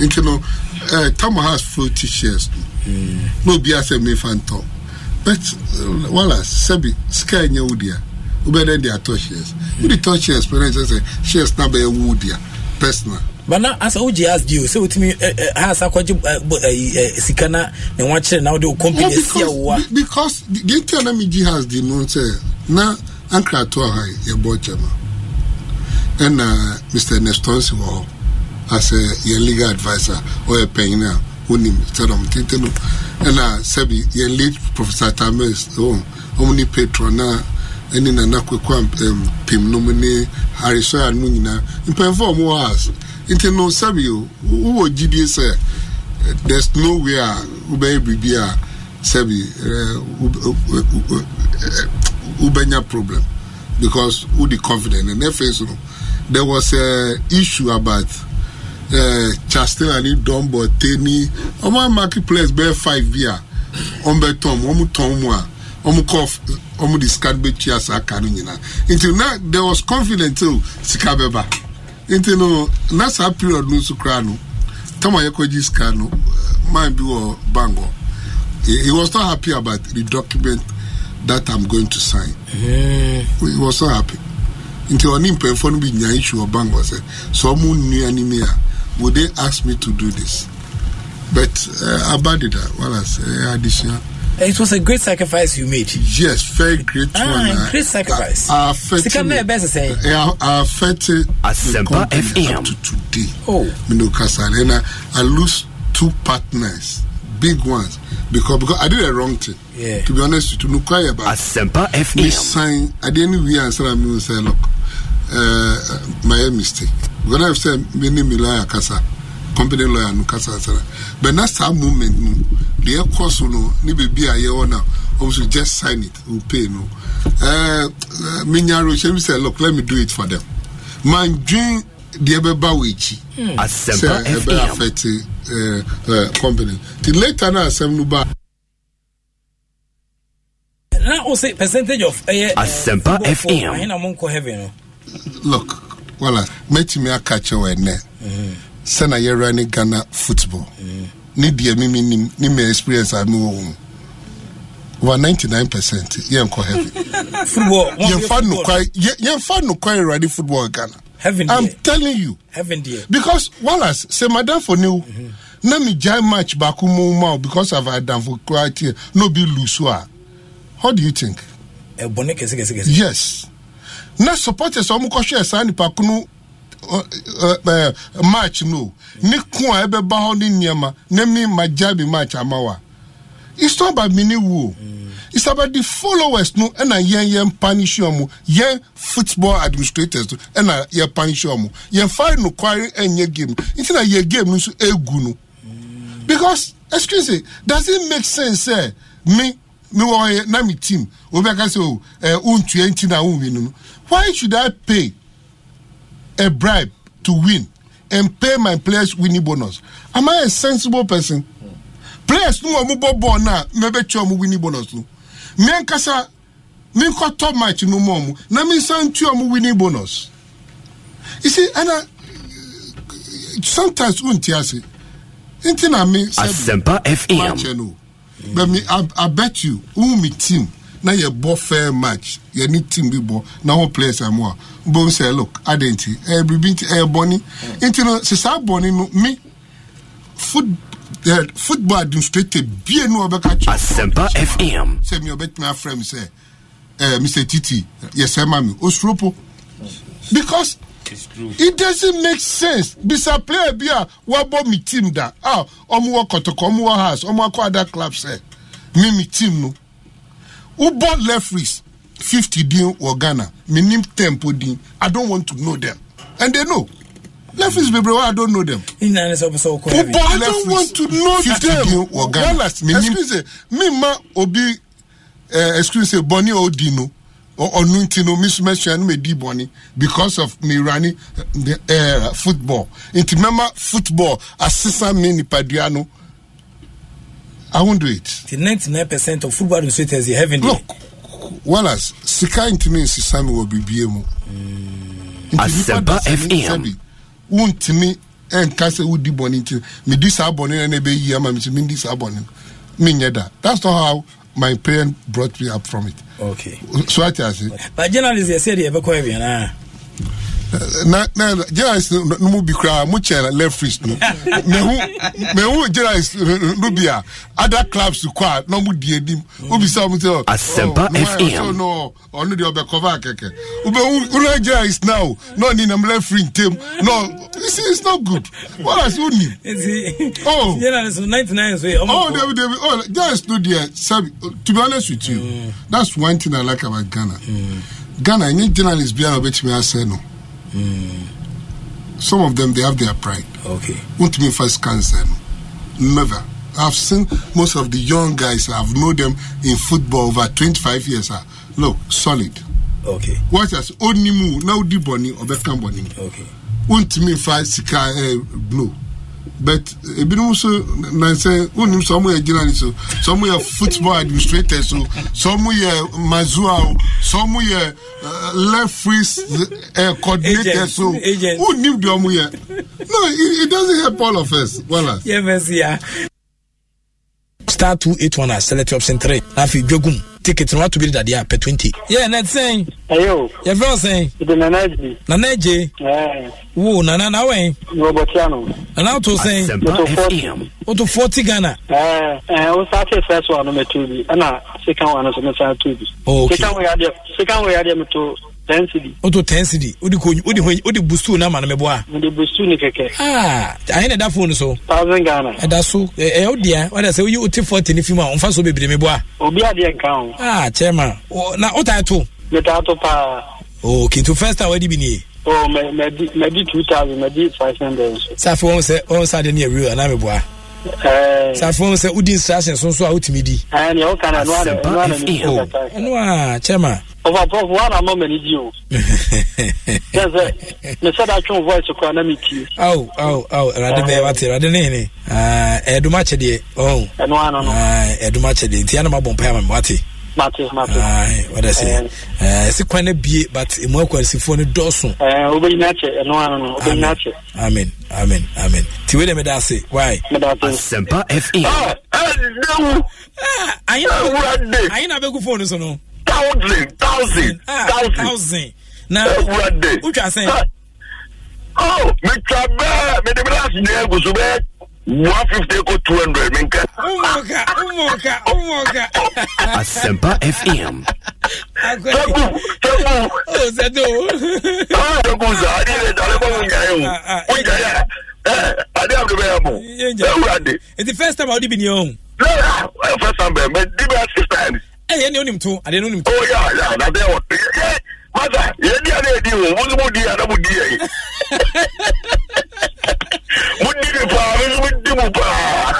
nti no ɛɛ eh, tamu has flow t-shirts no na obi asɛ mifa ntɔ but wala sebi sika nyɛ wo wobɛdɛ de atɔ shares wode tɔ shares pɛne sɛ sɛ shares na bɛyɛ wo dea personal bana asa wogye as geo sɛ wotumi asa kɔgye sika na ne wakyerɛ na wode wo company asi awoa because deɛnti a na megye has de no sɛ na ankrato a yɛbɔ kyɛ no ɛna mr nestonsi wɔ hɔ as yɛn legal advisor ɔyɛ panyin a wonim sɛdɔm tete no ɛna sɛbi yɛn late professor tames ɔmo ne patron na ɛne nana kwekwa um, pem no mu ne haresoya no mu nyinaa mpanyinfoɔ a wɔwɔ house nti no sabi o wowɔ gyidie sɛ eh, there's no way a wobɛyɛ biribi a sabi eh, eh, wobɛnya problem because wodi confident and afei so no there was a issue about uh, chastina ne teni ɔmo amaki players bɛyɛ five bi a ɔmo bɛ tɔn mu ɔmo tɔn mu a wɔn kɔ wɔn de sika bɛtua saa kaa no nyinaa nti na there was confident o oh, sika bɛba nti no na saa period no nso koraa no tam a yɛkɔgye sika no man bi wɔ bank hɔ he was not happy about the document that i'm going to sign mm. he was not happy nti ɔne mpanyinfoɔ no bi nya issue wɔ bank hɔ sɛ sɛ ɔmo nnua ne mi a would they ask me to do this but uh, eh, abadida wala sɛ ɛyɛ adesua. It was a great sacrifice you made. Yes, very great ah, one. Great sacrifice. Uh, Yeah, uh, affecting the company FM. up to today. Oh. Minokasarena, I lose two partners, big ones, because, because I did a wrong thing. Yeah. To be honest with you, to Nukwaya, but Asempa FM. Me sign, I didn't even answer, I mean, say, look, uh, my mistake. Because I've said, many million, Kasa company lawyer no kasa asara but na saa moment mu deɛ ɛkɔ so no ne baabi a yɛwɔ no a ɔmo just sign it o pay no ɛɛ menya rohyɛ mi sɛ look let me do it for them mandwin deɛ bɛba wɔ akyi hmm. sɛ ɛbɛ affect ɛɛ ɛɛ company ti later na asɛm no ba. na o se percentage of ɛyɛ asempa fm ɛyɛ na mo nkɔ heaven no. look wala mɛtumi akakyɛ wɔ ɛnɛ. Hmm sɛna yɛwura ne ghana football mm. ne deɛ mimi nim ne ma experience a mewɔ wo mu wa 99 percent yɛnkɔ heaven yɛmfa nokwa yɛmfa nokwa awurade football ghana I'm telling you. Because Wallace, say madam for new. Mm-hmm. Na me jai match baku mo because of had them for criteria. No be lusua. How do you think? Yes. Na supporters ọmụ kọhwe ẹsan nipa kunu March no ne ko a ɛbɛba hɔ ne nneɛma na mi ma jabi match ama wa it's not about mini wo mm. it's about the followers no ɛna yɛn yɛn punish wɔn yɛn football administrators no ɛna yɛn punish wɔn yɛn fa no kwari ɛnyɛ game nti na yɛ game no nso egu no because excuse me does it make sense eh, me me wɔ hɔ yɛ na mi team obi aka sɛ o oh, ɛ ntua nti na o no why should i pay a bribe to win and pay my players winning bonus am i a sensible person players no wɔn bɔ born now. Maybe twɛ wɔn winning bonus no mmea nkasa mi nkɔ tɔ match no mu ɔmo na mi nsa ntu ɔmo winning bonus you see ɛna sometimes o n ti asempa fm. bɛmi i bet you n mi team na yɛbɔ fair match yɛne team bi bɔ na ho players amu a bom sɛ look ade nti ɛyɛ eh, biribi nti ɛyɛ eh, bɔne nti no sɛ saa no me eh, football administrator bie no ɔbɛka kyerɛ sɛ me ɔbɛtumi afrɛ me sɛ uh, mr titi yɛsɛ ma me osuropo because it doesn't make sense bisa player bi a wabɔ me team da Ah, ɔmo wɔ kɔtɔkɔ ɔmo wɔ house ɔmo akɔ other club sɛ me me team no wobɔ referees 50 din or ghana menim tempo din i don't want to know them and they know referees baby, i don't know them wobɔ i don't want to know 50 them 50 din or ghana menim excuse me me ma obi uh, excuse me bɔnni o di no ɔnu nti no mi suma sua no ma di bɔnni because of mi rani uh, football nti mɛma football asesa me ni padiano. I won't do it. The 99% of football administrators they have in Look, Wallace, Sika ntimi sami wɔ bibie mu. Asɛba FM. Wontimi ɛnka sɛ wodi bɔne nti medi saa bɔne no na ɛbɛyi ama me sɛ mendi saa bɔne no menyɛ da. That's not how my parent brought me up from it. Okay. So I tell you. But generally, they say they have a na na gerrans no mu bi koraa mo kyɛ lefris no mehu mehu gerrans no bi a other clubs kɔ a na ɔmo di anim obisa ɔmo sɛ oh, asɛmpa oh, fm oh, no ɔno deɛ ɔbɛkɔfa akɛkɛ wobɛhu wona gerrans na o na ɔni nam lefri ntɛm na it's it's not good wɔlas *laughs* woni oh gerrans ninety nine so yɛ ɔmo oh david david oh gerrans no deɛ sɛbi to be honest with you mm. that's one thing i like about ghana mm. ghana nye journalist bi a ɔbɛtumi asɛ no. Mm. some of them they have their pride. Okay. be first cancer. Never. I've seen most of the young guys. I've known them in football over 25 years. Uh, ah. look, solid. Okay. Watch us. move now di boni obeka boni. Okay. Untumi first sika blue. Eh, But ebinom eh, so na sɛ wonim sɛ ɔmo yɛ journalist o sɛ ɔmo yɛ football administrator so sɛ ɔmo yɛ mazua o sɛ ɔmo yɛ referees uh, coordinator so who knew the omu here no it, it doesn't help all of us well yeah, star two eight one at select option three na fi jogum ticket no wato bi ne dadeɛ a pɛ 20 yɛ nɛ sɛn yɛfrɛ wo sɛn nana agye wo nana na wɛn nana woto sɛn woto 40 ghana wosate first one no mato bi ɛna second one no so mesan to bi second way adeɛ meto ten cd. o to ten cd o de ko o de o de busu na ma ah, na mɛ bɔ a. n de busu ni kɛkɛ. aa a ye ne da fone so. thousand ghana. ɛ eh, da so ɛ eh, ɛ eh, o di yan o da sɛ o ye o ti fɔ ten ni fi ma o nfa so bebere mi bɔ a. o bi a di yan kan o. aa cɛ ma o na o t'a to. ne t'a to paa. o k'i to first time o de bi nin ye. o oh, mɛ mɛ di mɛ di two thousand mɛ di five hundred. safi wọn sɛ wọn sɛ ni ye wi n'a mɛ bɔ a. Eh. safo sɛ wodi instruction so nso a wotumi di ɛno eh, a kyɛma ɔfapɔfo woana ma mani di o kyɛ sɛ mesɛ da atwe voice koraa na metie ao ao ao awurade bɛɛ wate awurade ne hene ɛdom akyɛdeɛ ɛno ano no ɛdom akyɛdeɛ nti ana mabɔ mpae ama me wate matthews matthews. ayi ɔdɛ si ɛɛ eh, si kwan ne bie but emu akwarisifo eh, amen amen amen tiwe de mi da se why. asempa fe. ɔ ayi na ewura de. so no. thousand ah, thousand thousand. na utwa sɛn. ɔ mi twa bɛɛ mi de mi da se de egusi bɛɛ one fifty ko two hundred mi nka. umuka umuka umuka. asempa fm. sẹ́kù sẹ́kù. o sẹ́tò. aa sẹ́kù sá adé yẹn dàlẹ́ bá mo nyà yẹn o mo nyà yẹn ẹ adé àbúrò bẹ́ẹ̀ yà first time awo di bi ni ọhún. first time bẹ́ẹ̀ mẹ di bẹ́ẹ̀ six times. ẹ yẹn ni ó nìm tó adé ni ó nìm tó. ó masa yɛdi a na yɛdi o mo nso mo di a na mo di yɛ yi *laughs* mo di mi paa mo nso mo di mo paa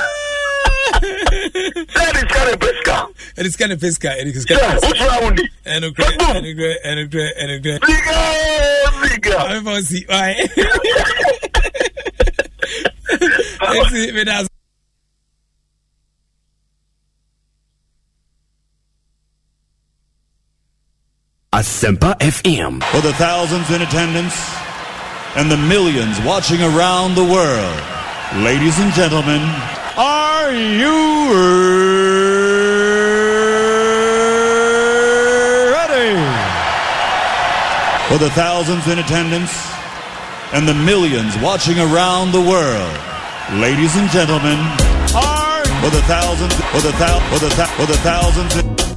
sɛ ɛdi sika ne pesika. ɛdi sika ne pesika ɛdi sika ne pesika. sɛ o tura awo ni. ɛnukurɛ ɛnukurɛ ɛnukurɛ ɛnukurɛ. siga siga. a bɛ fɔ si waaye. ɛsi mi da. Asempa FM. For the thousands in attendance and the millions watching around the world, ladies and gentlemen, are you ready? For the thousands in attendance and the millions watching around the world, ladies and gentlemen, are for the thousands, for the thou, for the thou, for the thousands.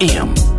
FM.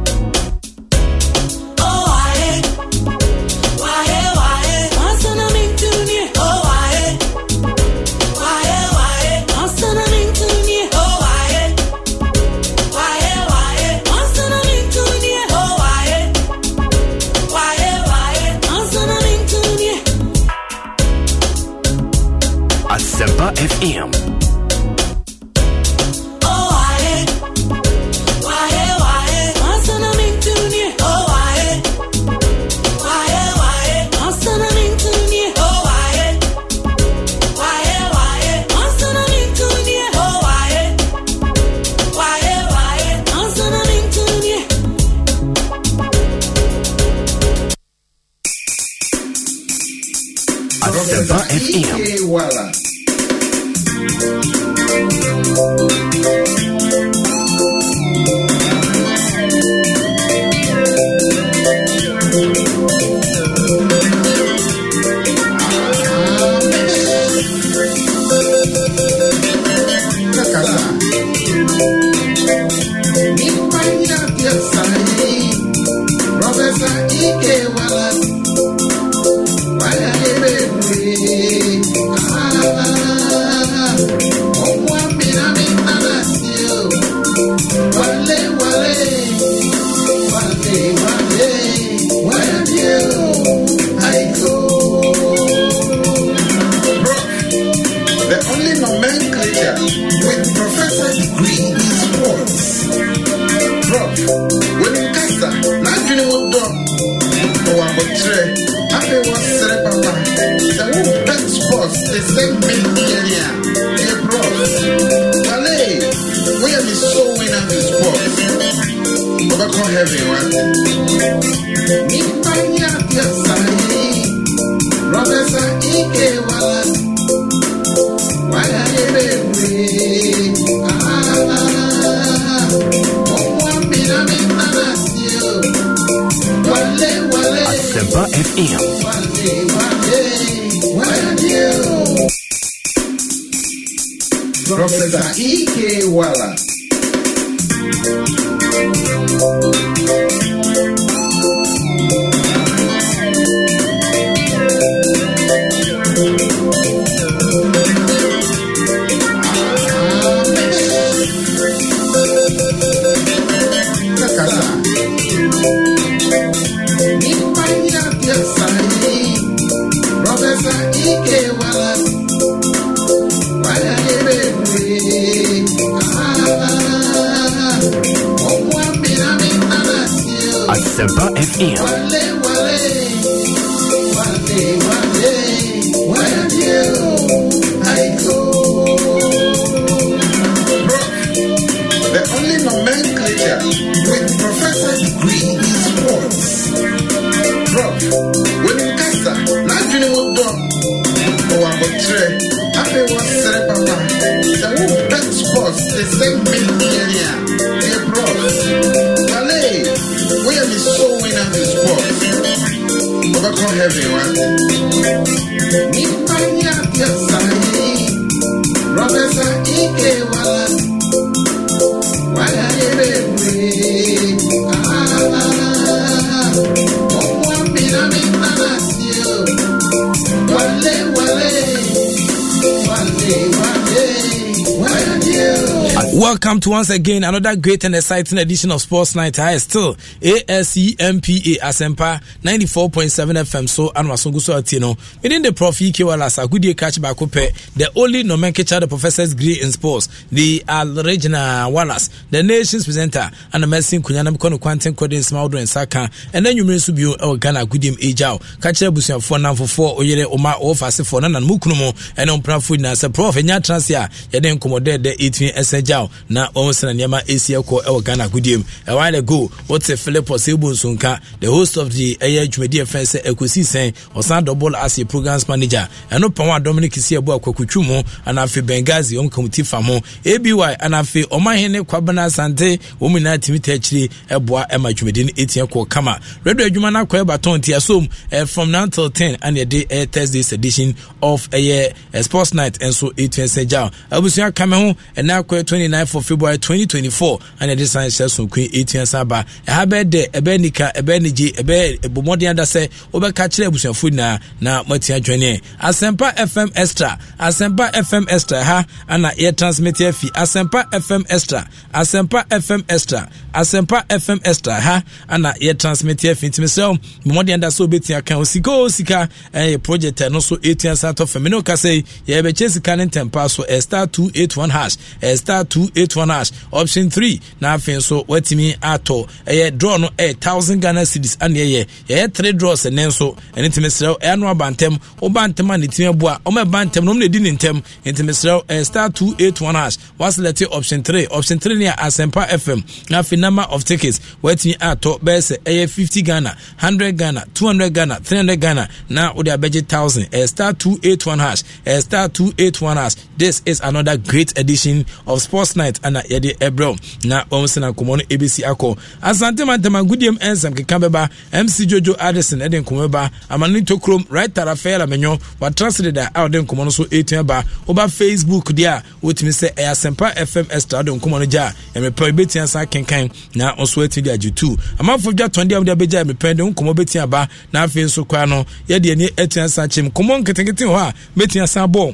again, another great and exciting edition of Sports Night. I still ASEMPA Asempa 94.7 FM. So, and Masungu so Atino within the Prof EK a good day catch back eh, the only nomenclature the professors grade in sports. The original regional Wallace, the nation's presenter, ana masi nkonya na mekɔ no kwanten kɔde nsɛm ahodoɔ nsa ka ɛna nwumere nso bio ɛwɔ ghana agodiem agyaw ka kyerɛ abusuafoɔ namfofoɔ oyere ɔma ɔwɔfa asefoɔ na nanom kunu mu ɛne mpramfoɔ nyinaa sɛ prɔf ɛnya atena ase a yɛde nkɔmmɔdɛɛdɛ ɛtumi ɛsɛ gyaw na wɔn sɛna nneɛma ɛsi ɛkɔ ɛwɔ ghana agodiem a while ago wɔte philipos ɛbu nsonka the host of the ɛyɛ dwumadi ɛfɛn sɛ ɛkɔsi sɛn ɔsan dɔbɔl ase programs manager ɛno pɔn a dominic si ɛbu akwakutwu mu anaafe bengazi ɔm kamuti fa mu aby anaafe ɔmahene kwabena asante wɔn nyinaa ɛtumi ta akyire ɛboa ɛma dwumadi no ɛtia kɔ kama radio adwuma no akɔ ɛbatɔn nti asom eh, from 9 till 10 ane ɛde eh, thursdays edition of ɛyɛ eh, eh, sports night nso ɛtua sɛ gyaw abusua kama ho ɛna akɔ 29 for february 2024 ane ɛde san hyɛ sonkun ɛtua san ba ɛha bɛɛ dɛ ɛbɛɛ nika ɛbɛɛ nigye ɛbɛɛ ɛbɔmmɔden ada sɛ wobɛka kyerɛ abusuafoɔ nyinaa na moatia dwene asɛmpa fm extra asɛmpa fm extra ha ana yɛ transmit afi asɛmpa fm extra asɛmpa fm extra asɛmpa fm extra ha ana yɛ transmit afi ntimi sɛ mmɔden da sɛ wobɛtua ka wo sika o sika ɛyɛ project no so ɛtua sa tɔ fa mene woka sɛ yɛbɛkyɛ sika ne ntɛmpa so ɛstar 281 hash ɛstar 281 hash option 3 na afei nso woatumi atɔ ɛyɛ draw no ɛyɛ 1000 ghana cities ane ɛyɛ yɛyɛ 3 draws ɛne nso ɛne ntimi serɛ ɛyɛ no aba ntɛm woba ntɛm a ne timi aboa ɔma ɛba ntɛm no ɔmna ɛdi ne ntɛm ntimi serɛ ɛstar 281 hash waselɛte option 3 option 3 ne a asɛmpa fm na afei number of tickets wɔatumi atɔ bɛyɛ sɛ ɛyɛ 50 ghana 100 ghana 200 ghana 300 ghana na wode abɛgye 1000 ɛyɛ star 281 hash ɛyɛ star 281 hash this is another great edition of sports night ana yɛde ɛbrɛw na wɔn sena nkɔmmɔ no ɛbɛsi akɔ asante mantama gudiem ɛnsɛm keka bɛba mc jojo addison ɛde nkɔmmɔ bɛba amane tokrom right tarafael amenyo watrase deda a wɔde nkɔmmɔ no so ɛtumi ba woba facebook deɛ a wotumi sɛ ɛyɛ asɛmpa fm extra wode nkɔmmɔ no gya a ɛmepɛ wobɛtumi asa nkenkan na nso atumi de agye tu amanfo dwa tɔn deɛ ɔmo de abɛgya mepɛn de nkɔmɔ bɛtumi aba na afei nso koraa no yɛde ani atumi asan kyɛm nkɔmɔ nketenkete hɔ a mɛtumi asan bɔɔ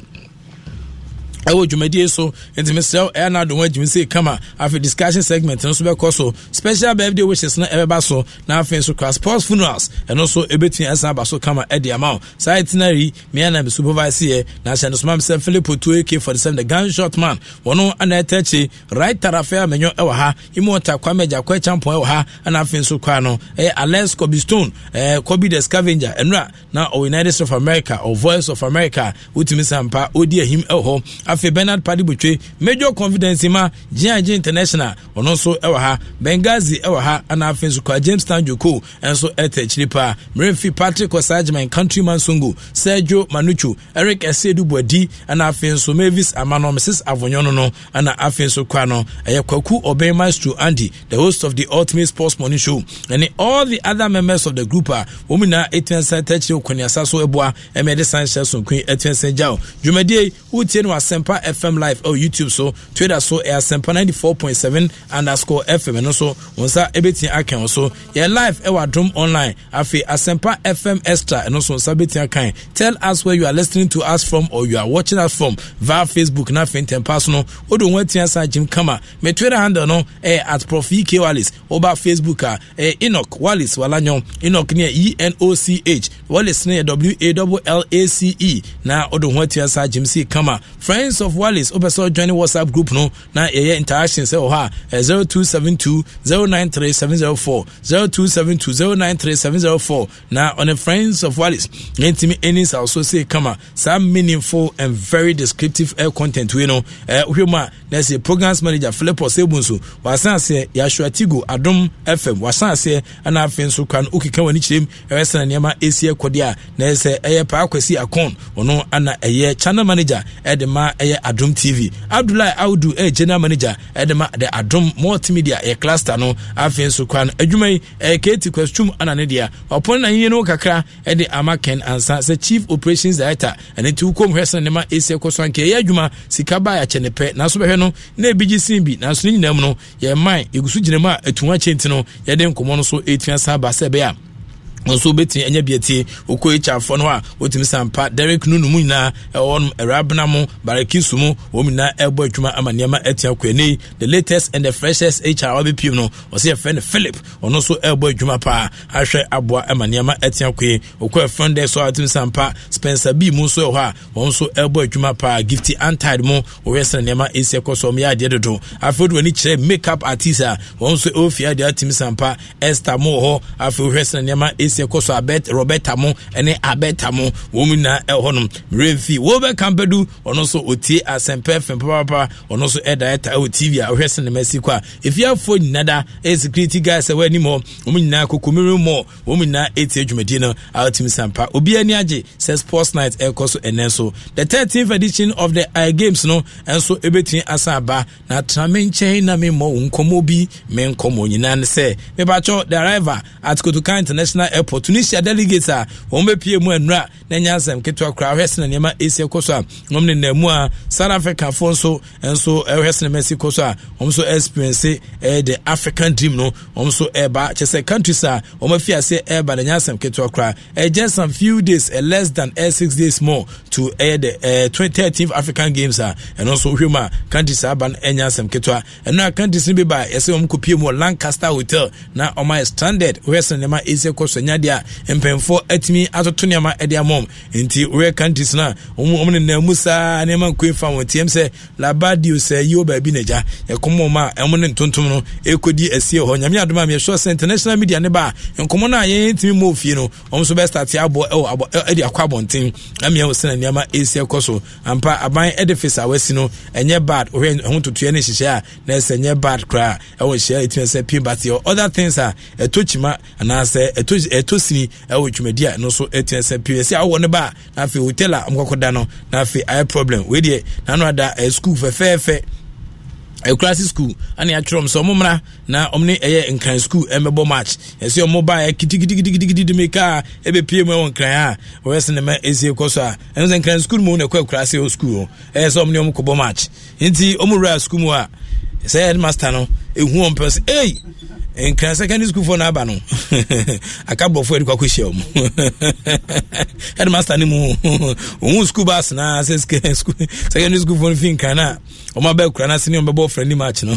ɛwɔ dwumadie so nti mesrɛ ɛyɛ no adom adwumi sei kama afei discussion segment no nso bɛkɔ so special birthday wishes no ɛbɛba so na afei nso kora sports funerals ɛno nso ɛbɛtumi ɛsan aba so kama ɛde ama wo saa itinerary mea na mesuperviseɛ na ahyɛ no soma me sɛ philip otuo ak 47 the gun shot man wɔno ana ɛtɛkyi right tarafɛ a manyɔ ɛwɔ ha imu ɔta kwame agyakɔ akyampɔn ɛwɔ ha ana afei nso kora no ɛyɛ alex kobi stone eh, kobi the scavenger ɛnura na ɔ united states of america ɔ voice of america wotumi sampa ɔdi ahim ɛwɔ hɔ afei bernard padi botwe major confidence ma gng international ɔno nso wɔ ha bengazi wɔ ha ana afei nso kwa james tan joko nso ɛtɛ akyiri paa mmerɛmfi patrick osagyeman countryman songo sergio manucho eric ɛseedu buadi ana afei nso mavis amano mrs avonyono no ana afei nso kwa no ɛyɛ kwaku ɔbɛn maestro andy the host of the ultimate sports morning show and all the other members of the group a wɔn nyinaa etu nsa tɛkyerɛ okɔniasa so ɛboa ɛmɛ de san hyɛ sonkun etu nsa gya dwumadie wotie no asɛm asempa fm live ɛwɔ oh, youtube so twitter so ɛyɛ asempa 94.7 underscore fm ɛno so wɔn nsa ɛbɛtumi aka wɔn so yɛ live ɛwɔ eh, adom online afei asempa uh, fm extra ɛno so nsa bɛtumi aka tell us where you are listening to us from or you are watching us from via facebook na afei ntɛmpa so no wodo wɔn ati asa jim kama mɛ twitter handle no ɛyɛ eh, at prof ek wallis ɔba facebook a uh, ɛyɛ eh, enoch wallis walanyɔ enoch ne yɛ enoch Wallace ne yɛ W-A-L-L-A-C-E na ɔde ho atua saa gyimsi kama friends of Wallace wopɛ sɛ ɔjoin WhatsApp group no na yɛyɛ interaction sɛ wɔ hɔ a 0272 093 704 0272 093 704 na ɔne friends of Wallace na ntumi ani sa so sei kama saa meaningful and very descriptive air content wei no wohwɛ mu a na ɛsɛ programs manager philipus ebu nso wasan aseɛ yɛahwɛ atigo adom fm wasan aseɛ ɛna afei nso kora no wokeka w'ani kyerɛm ɛwɛ sɛ na nneɛma ɛsi akɔ akɔdeɛ a nɛsɛ ɛyɛ paa kwasi akon ɔno ana ɛyɛ channel manager ɛde ma ɛyɛ adom tv abdulai audu ɛyɛ general manager ɛde ma de adom multimedia ɛyɛ cluster no afei nso kwan adwuma yi ɛyɛ kati kwastum ana ne deɛ ɔpɔn na yɛn no kakra ɛde ama ken ansa sɛ chief operations director ɛne ti wukɔ mu hwɛ sɛ ne ma esi ɛkɔ so anka ɛyɛ adwuma sika baa yɛakyɛ ne pɛ nanso bɛhwɛ no na ebi gye sin bi nanso ne nyinaa mu no yɛn man egu so gyina mu a etu wɔn no yɛde nkɔmɔ no so etua saa ba sɛ ɛbɛyɛ nso wobɛtumi anya bi atie wokɔ hfoɔ no a wotumi sampa derek no nomu nyinaa ɛwɔ nom ɛwurabena mu barakisu mu wɔn nyinaa ɛbɔ adwuma ama nneɛma atia kɔani the latest and the freshest hr a wabɛpiem no ɔsɛ yɛfrɛ no philip ɔno nso ɛbɔ adwuma paa ahwɛ aboa ama nneɛma atia kɔe wokɔ ɛfrɛn dɛ so a wotumi sampa spencer b mu nso ɛwɔ a wɔn nso ɛbɔ adwuma paa gifty antide mu wɔhwɛ sɛ nneɛma ɛsi ɛkɔ so ɔmo yɛ adeɛ dodo afei wɔde w'ani kyerɛ makeup artist a wɔn nso ɛwɔ fie adeɛ atumi sampa esther mu wɔ hɔ afei wɔhwɛ sɛ nneɛma ɛsi sɛ ɛkɔ so abet roberta mo ne aberta mo wɔn mu nyinaa ɛwɔ hɔnom mmerɛmfi wɔbɛ kampadu ɔno nso ɔtie asɛmpɛ fɛm papapa ɔno nso ɛdaɛta ɛwɔ tv a ɔhwɛ sinima si kɔ a efiafoɔ nyinaa da ɛyɛ security guys ɛwɔ anim hɔ wɔn nyinaa kokomiri mɔ wɔn nyinaa ɛtie dwumadie no awotumi sampa obi ani agye sɛ sports night ɛkɔ so ɛnɛ so the thirteenth edition of the I games no ɛnso ɛbɛtumi asan aba na tena me nkyɛn na me mmɔ nkɔmɔ bi me nkɔmɔ nyinaa ne sɛ mebakyɛw the arrival at kotoka international airport airport tunisia delegates a wɔn bɛpie mu anura na nya asɛm ketewa koraa ahwɛ sena nneɛma ɛsi kɔ so a wɔn nenam mu a south africafoɔ nso nso ɛhwɛ sena mɛsi kɔ so a wɔn nso experience ɛyɛ the african dream no wɔn nso ɛreba kyɛ sɛ countries a wɔn afi ase ɛreba na nya asɛm ketewa koraa ɛgyɛ some few days uh, less than uh, six days more to ɛyɛ uh, the uh, 2013 african games a ɛno nso hwɛ mu a countries aba no ɛnya asɛm ketewa ɛno a countries no bi ba yɛsɛ wɔn lancaster hotel na wɔn standard wɔyɛ sena nneɛma ɛsi kɔ nya deɛ mpanyinfoɔ atumi atoto nneɛma de ama wɔn nti wɔyɛ countries no a wɔn wɔn nenam mu saa nneɛma nkoe fa wɔn tiɛm sɛ labadio sɛ yi wɔ baabi n'agya ɛkɔm wɔn a wɔn ne ntontom no ekodi asie hɔ nyame adum a miyɛsɔ sɛ international media ne ba nkɔmɔ no a yɛn ntumi mu ofie no wɔn nso bɛ start abɔ ɛwɔ abɔ ɛde akɔ abɔnten amia wɔ sɛ na nneɛma esi ɛkɔ so ampa aban ɛde fesa wɔasi no ɛnyɛ bad wɔhwɛ ɛho tutuɛ ne hyehyɛ a na ɛsɛ ɛnyɛ bad koraa ɛwɔ hyehyɛ etimi sɛ pin bati other things a ɛtɔ kyima anaasɛ ɛtɔ tosini ɛwɔ dwumadi a ɛno nso ɛtena sɛ pii ɛsɛ awɔ ne ba a na hotel a ɔmokɔkɔ da no na ayɛ problem wei deɛ n'ano ada ɛyɛ school fɛfɛɛfɛ ɛkurase school ana atwerɛ m sɛ ɔmo mmra na ɔmo ne ɛyɛ nkran school ɛmɛbɔ match ɛsɛ ɔmo ba ɛ kitikitikitikitikiti de meka a ɛbɛpie mu ɛwɔ nkran a wɔyɛ sɛ ne ma ɛsie kɔ so a ɛno sɛ nkran school mu na ɛkɔ ɛkurase hɔ school hɔ ɛyɛ sɛ ɔmo ne ɔmo kɔbɔ match nti ɔmo wura school mu a sɛ headmaster no ehu ɔmo pɛ sɛ ɛy nkra secondary school fo n'aba no *laughs* aka bɔfo adi kwakɔ hyia *laughs* mu headmaster ne mu ɔhu school bus na sɛ *laughs* secondary school no fi nkra no ɔma bɛ kura na sini ɔbɛbɔ ɔfrɛ ni match no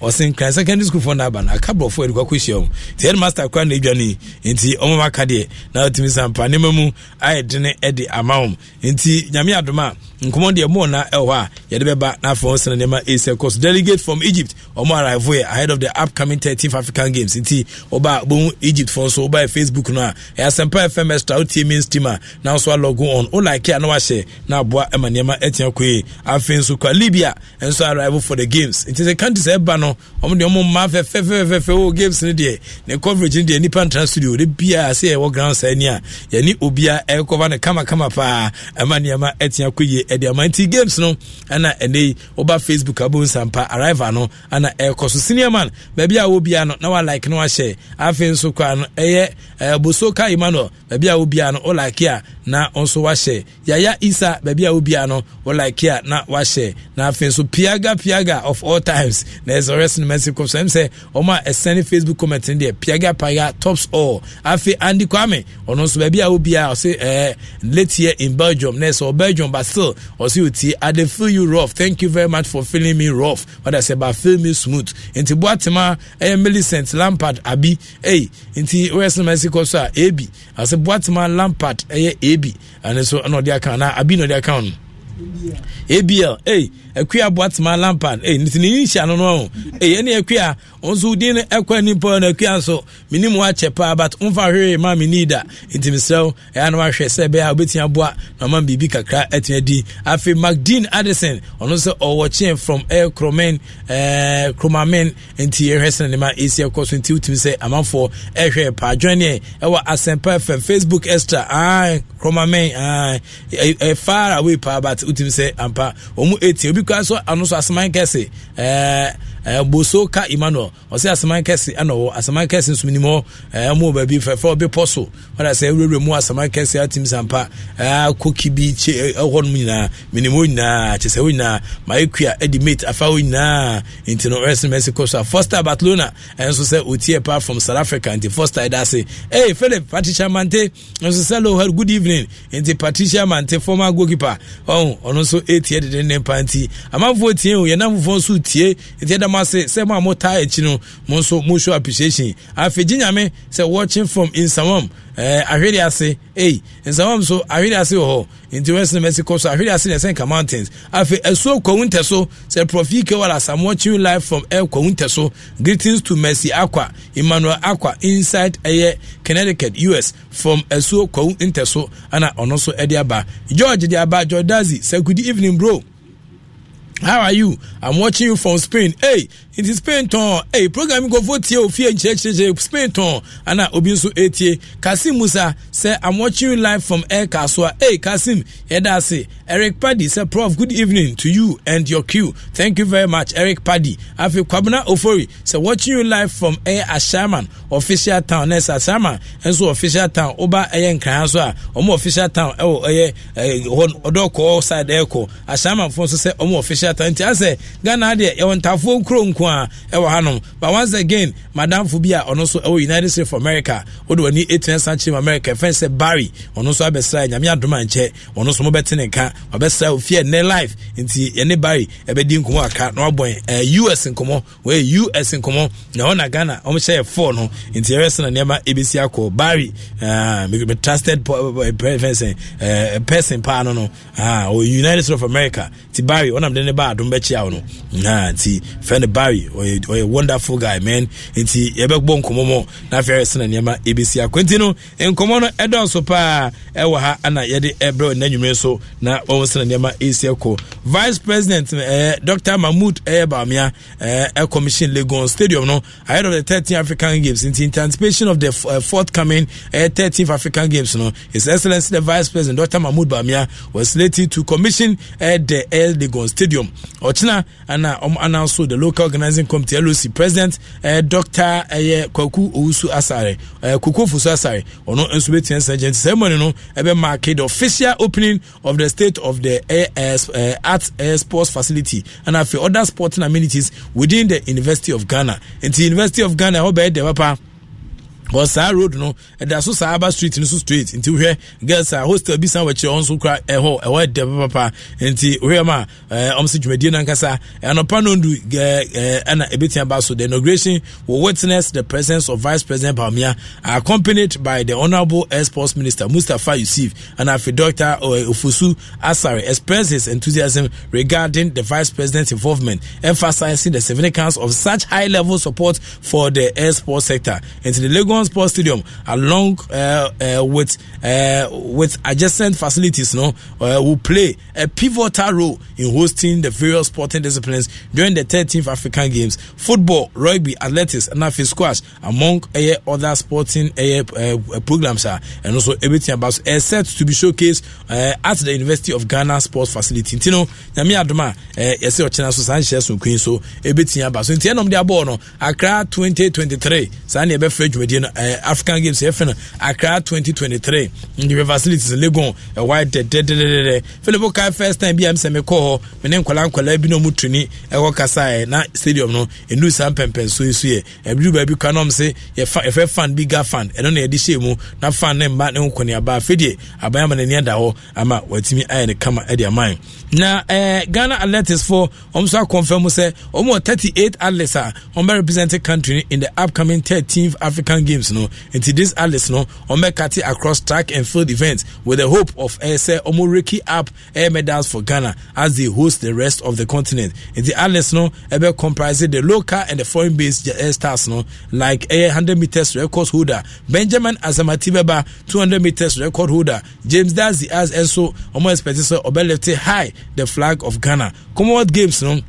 ɔsi nkran secondary school fɔ n'aba na aka borɔfo ɛdi kɔkɔ hyia wɔn ti head master kura na edwa ni nti ɔmo ma ka deɛ na ɔtumi sampa nneɛma mu ayɛ dene ɛde ama wɔn nti nyame adoma nkɔmɔ deɛ mo na ɛwɔ hɔ a yɛde bɛba n'afɔ wɔn sɛnɛ nneɛma esi ɛkɔ delegate from Egypt ɔmo arrive here ahead of the upcoming thirteenth African Games nti ɔba bohun Egypt fɔ nso ɔba Facebook no a ɛyɛ asɛmpa FM extra otie main steamer na nso alɔgo on o like a na wahyɛ na aboa ɛma nneɛma ɛtia koe afei nso kɔ Libya nso arrival for the games nti sɛ countries ɛba no ɔmo deɛ ɔmo mma fɛfɛfɛfɛ o games no deɛ ne coverage no deɛ nipa ntena studio de bia sɛ ɛwɔ ground saa ni a yɛne obia ɛkɔba no kamakama paa ɛma nneɛma ɛtea kɔ yie ɛde ama nti games no ɛna ɛnɛ yi ɔba facebook abo nsampa arrival no ɛna ɛkɔ so senior man baabi a wɔbia no na wa like na wa hyɛ afei nso kora no ɛyɛ ɛboso ka emmanuel baabi a wɔbia no ɔlike a na ɔnso wahyɛ yaya isa baabi a wɔbia no ɔlike a na wahyɛ na afei nso piaga piaga of all times na ɛsɛ ɔrɛs no mɛsi kɔ so ɛm sɛ ɔmo a ɛsɛn facebook comment no deɛ piaga piaga tops all afei andy kwame ɔno nso baabi a obi a ɔsɛ ɛɛ eh, late year in belgium na ɛsɛ ɔ belgium but still ɔsɛ oti i dey feel you rough thank you very much for feeling me rough ɔda sɛ ba feel me smooth nti boatema ɛyɛ eh, millicent lampard abi ɛyi nti ɔrɛs no mɛsi kɔ so a ebi ɔsɛ boatema lampard ɛyɛ ebi ɛno nso ɛna ɔde aka na abi na ɔde aka no abl ɛy akua boatema lampard ɛy nti ne nhyia no no ɔho ɛy ɛne akua ɔnso din no ɛkɔ nipa no akua nso menim wakyɛ paa but mfa hwee ma me need a nti mesrɛ wo ɛa no wahwɛ sɛ ɛbɛyɛ a wobɛtumi aboa na ɔma biribi kakra atumi adi afei macdean addison ɔno sɛ ɔwɔ kyɛn from ɛyɛ kromen ɛɛ eh, kromamen nti yɛhwɛ sɛ ne ma ɛsi ɛkɔ so nti wotumi sɛ amanfoɔ ɛhwɛ eh, paa dwɛneɛ ɛwɔ asɛmpa fm facebook extra ae ah, kromamen ae ah, eh, far away paa but wotumi sɛ ampa ɔmu 80 obi kora so ano so aseman kɛse ɛɛ Eh, boso ka emmanuel ɔsɛ asaman kɛse ɛna ɔwɔ asaman kɛse nso nim hɔ eh, ɛmu wɔ baabi fɛfɛ ɔbi pɔ so ɔda sɛ ewurawura mu asaman kɛse atim sampa ɛɛ eh, koki bi kye ɛhɔ nom nyinaa minim hɔ nyinaa kyesɛ hɔ nyinaa maekua ɛdi mate afa nyinaa nti no ɛsɛ mɛsi kɔ so a foster barcelona ɛnso sɛ otie pa from south africa nti foster ɛda ase ɛyɛ philip patricia mante ɛnso sɛ lo hɛr good evening nti patricia mante former goalkeeper ɔn oh, ɔno nso etie dede ne mpa nti amanfoɔ tie o yɛn nan fofoɔ m ase sɛ mo a motaa akyi no mo nso moshow appreciation afei gye nyame sɛ watching from insamam eh, ahwere ase ei nsamam so ahwere ase wɔ hɔ nti wɛsi no mɛsi kɔ so ahwere ase na ɛsɛ nka mountains afei ɛsuo kwawu ntɛ so sɛ profi kewal asam watching live from air kwawu ntɛ greetings to mercy akwa emmanuel akwa inside ɛyɛ connecticut us from ɛsuo kwawu ntɛ so ana ɔno nso ɛde aba george de aba george dazi sɛ good evening bro how are you i'm watching you from spain hey it is spain tɔn hey program go vote tie ofie nkyerɛkyerɛkyerɛ spain tɔn ana obi nso etie kasim musa sɛ i'm watching you live from air kasua hey kasim yɛda ase eric paddy sɛ prof good evening to you and your crew thank you very much eric paddy afei kwabena ofori sɛ watching you live from air Asaman. official town nurse Asaman. nso official town oba ɛyɛ nkran so a ɔmo official town ɛwɔ ɛyɛ ɛɛ ɔdɔkɔɔ side ɛɛkɔ Asaman fo nso sɛ ɔmo official theatre nti asɛ ghana deɛ yɛwɔ ntafoɔ nkuro nko a ɛwɔ hanom but once again madamfo bi a ɔno nso ɛwɔ united states of america wode w'ani ɛtena san kyerɛm america ɛfɛn sɛ barry ɔno nso abɛsra nyame adoma nkyɛ ɔno nso mobɛte ne nka wabɛsra ofie nnɛ life nti yɛne barry ɛbɛdi nkɔmmɔ aka na wabɔn ɛɛ eh, us nkɔmmɔ wɔyɛ us nkɔmmɔ na ɔna ghana ɔmhyɛ yɛ four no nti yɛrɛ sɛ na nneɛma ɛbɛsi akɔ barry ah, me trusted eh, eh, person paa no no ah, united states of america ti barry ɔnam de ne aba adom bɛkyia wo no na nti fɛ no barry ɔyɛ wonderful guy man nti yɛbɛbɔ nkɔmmɔ mu na afei ɛsɛ nneɛma ɛbɛsi akwanti no nkɔmmɔ no ɛdɔɔso paa ɛwɔ ha ana yɛde ɛbrɛ nna nnwumere so na ɔwɔ sɛ nneɛma ɛsi ɛkɔ vice president ɛyɛ eh, dr mahmood ɛyɛ baamia ɛɛ eh, commission lagos stadium no ahead of the 13 african games nti anticipation of the uh, forthcoming uh, 13th african games no his excellency the vice president dr mahmood baamia was slated to commission uh, the uh, lagos stadium ɔkyena ana ɔmo announce the local organizing committee loc president ɛɛ dr ɛyɛ kwaku owusu asare ɛɛ eh, koko fusu asare ɔno nso bɛ tia nsa gyɛn ti ceremony no ɛbɛ mark the official opening of the state of the ɛɛ ɛɛ art ɛɛ sports facility ɛna afei other sporting amenities within the university of ghana nti university of ghana ɛhɔ bɛyɛ dɛ papa wɔ saa road no ɛda so saa aba street no so Street, nti wohwɛ girls a hostel bi san wɔkyerɛ ɔn so kora ɛhɔ ɛhɔ ɛdɛ papa nti wohwɛ mu a ɔm sɛ dwumadie no ankasa ɛnɔpa no ndu ɛna ɛbɛtumi aba so the inauguration will witness the presence of vice president palmia accompanied by the honourable air sports minister mustapha yusuf and afei dr eh, ofusu asare expressed his enthusiasm regarding the vice president's involvement emphasizing the significance of such high level support for the air sports sector nti the lagos Sun Sports Stadium along uh, uh, with uh, with adjacent facilities no uh, will play a pivotal role in hosting the various sporting disciplines during the 13th African Games football rugby athletics and afi squash among uh, other sporting uh, uh, programs uh, and also everything about uh, set to be showcased uh, at the University of Ghana Sports Facility You know, nyame adoma uh, yɛsɛ ɔkyena so saa nhyɛ so nkui so ɛbɛtia aba so nti ɛnom de abɔɔ no akra 2023 saa ebe fridge dwumadie no Eh, african games yɛfɛ no accra 2023 ndewe facilities legon ɛwa eh, eh, dɛdɛdɛdɛdɛ philip kai first time bi a mesɛ mekɔɔ hɔ me ne nkɔla nkɔla bi na ɔmu tuni ɛkɔ kasaɛ na stadium no ɛnu saa mpɛmpɛnsoɔ yi so yɛ ɛbidu baabi ka nɔm se yɛfɛ fan bi ga fan ɛno na yɛde hyɛ mu na fan ne mba ne nkɔneaba afei deɛ aban ama n'ani ada hɔ ama watumi ayɛ ne kama ɛde aman na ɛɛ ghana athletics fo wɔn nso akɔnfɛn mu sɛ wɔn wɔ 38 athletes a wɔn bɛ represent country in the upcoming 13th african games games no nti these athletes no ɔmɛkate across track and field events with the hope of ɛsɛ ɔmo reki up air medals for ghana as they host the rest of the continent nti athletes no ɛbɛ comprise the local and the foreign based stars no like a 100 meters record holder benjamin asamati bɛba two hundred meters record holder james dazi as also ɔmo expect sɛ ɔbɛ high the flag of ghana commonwealth games no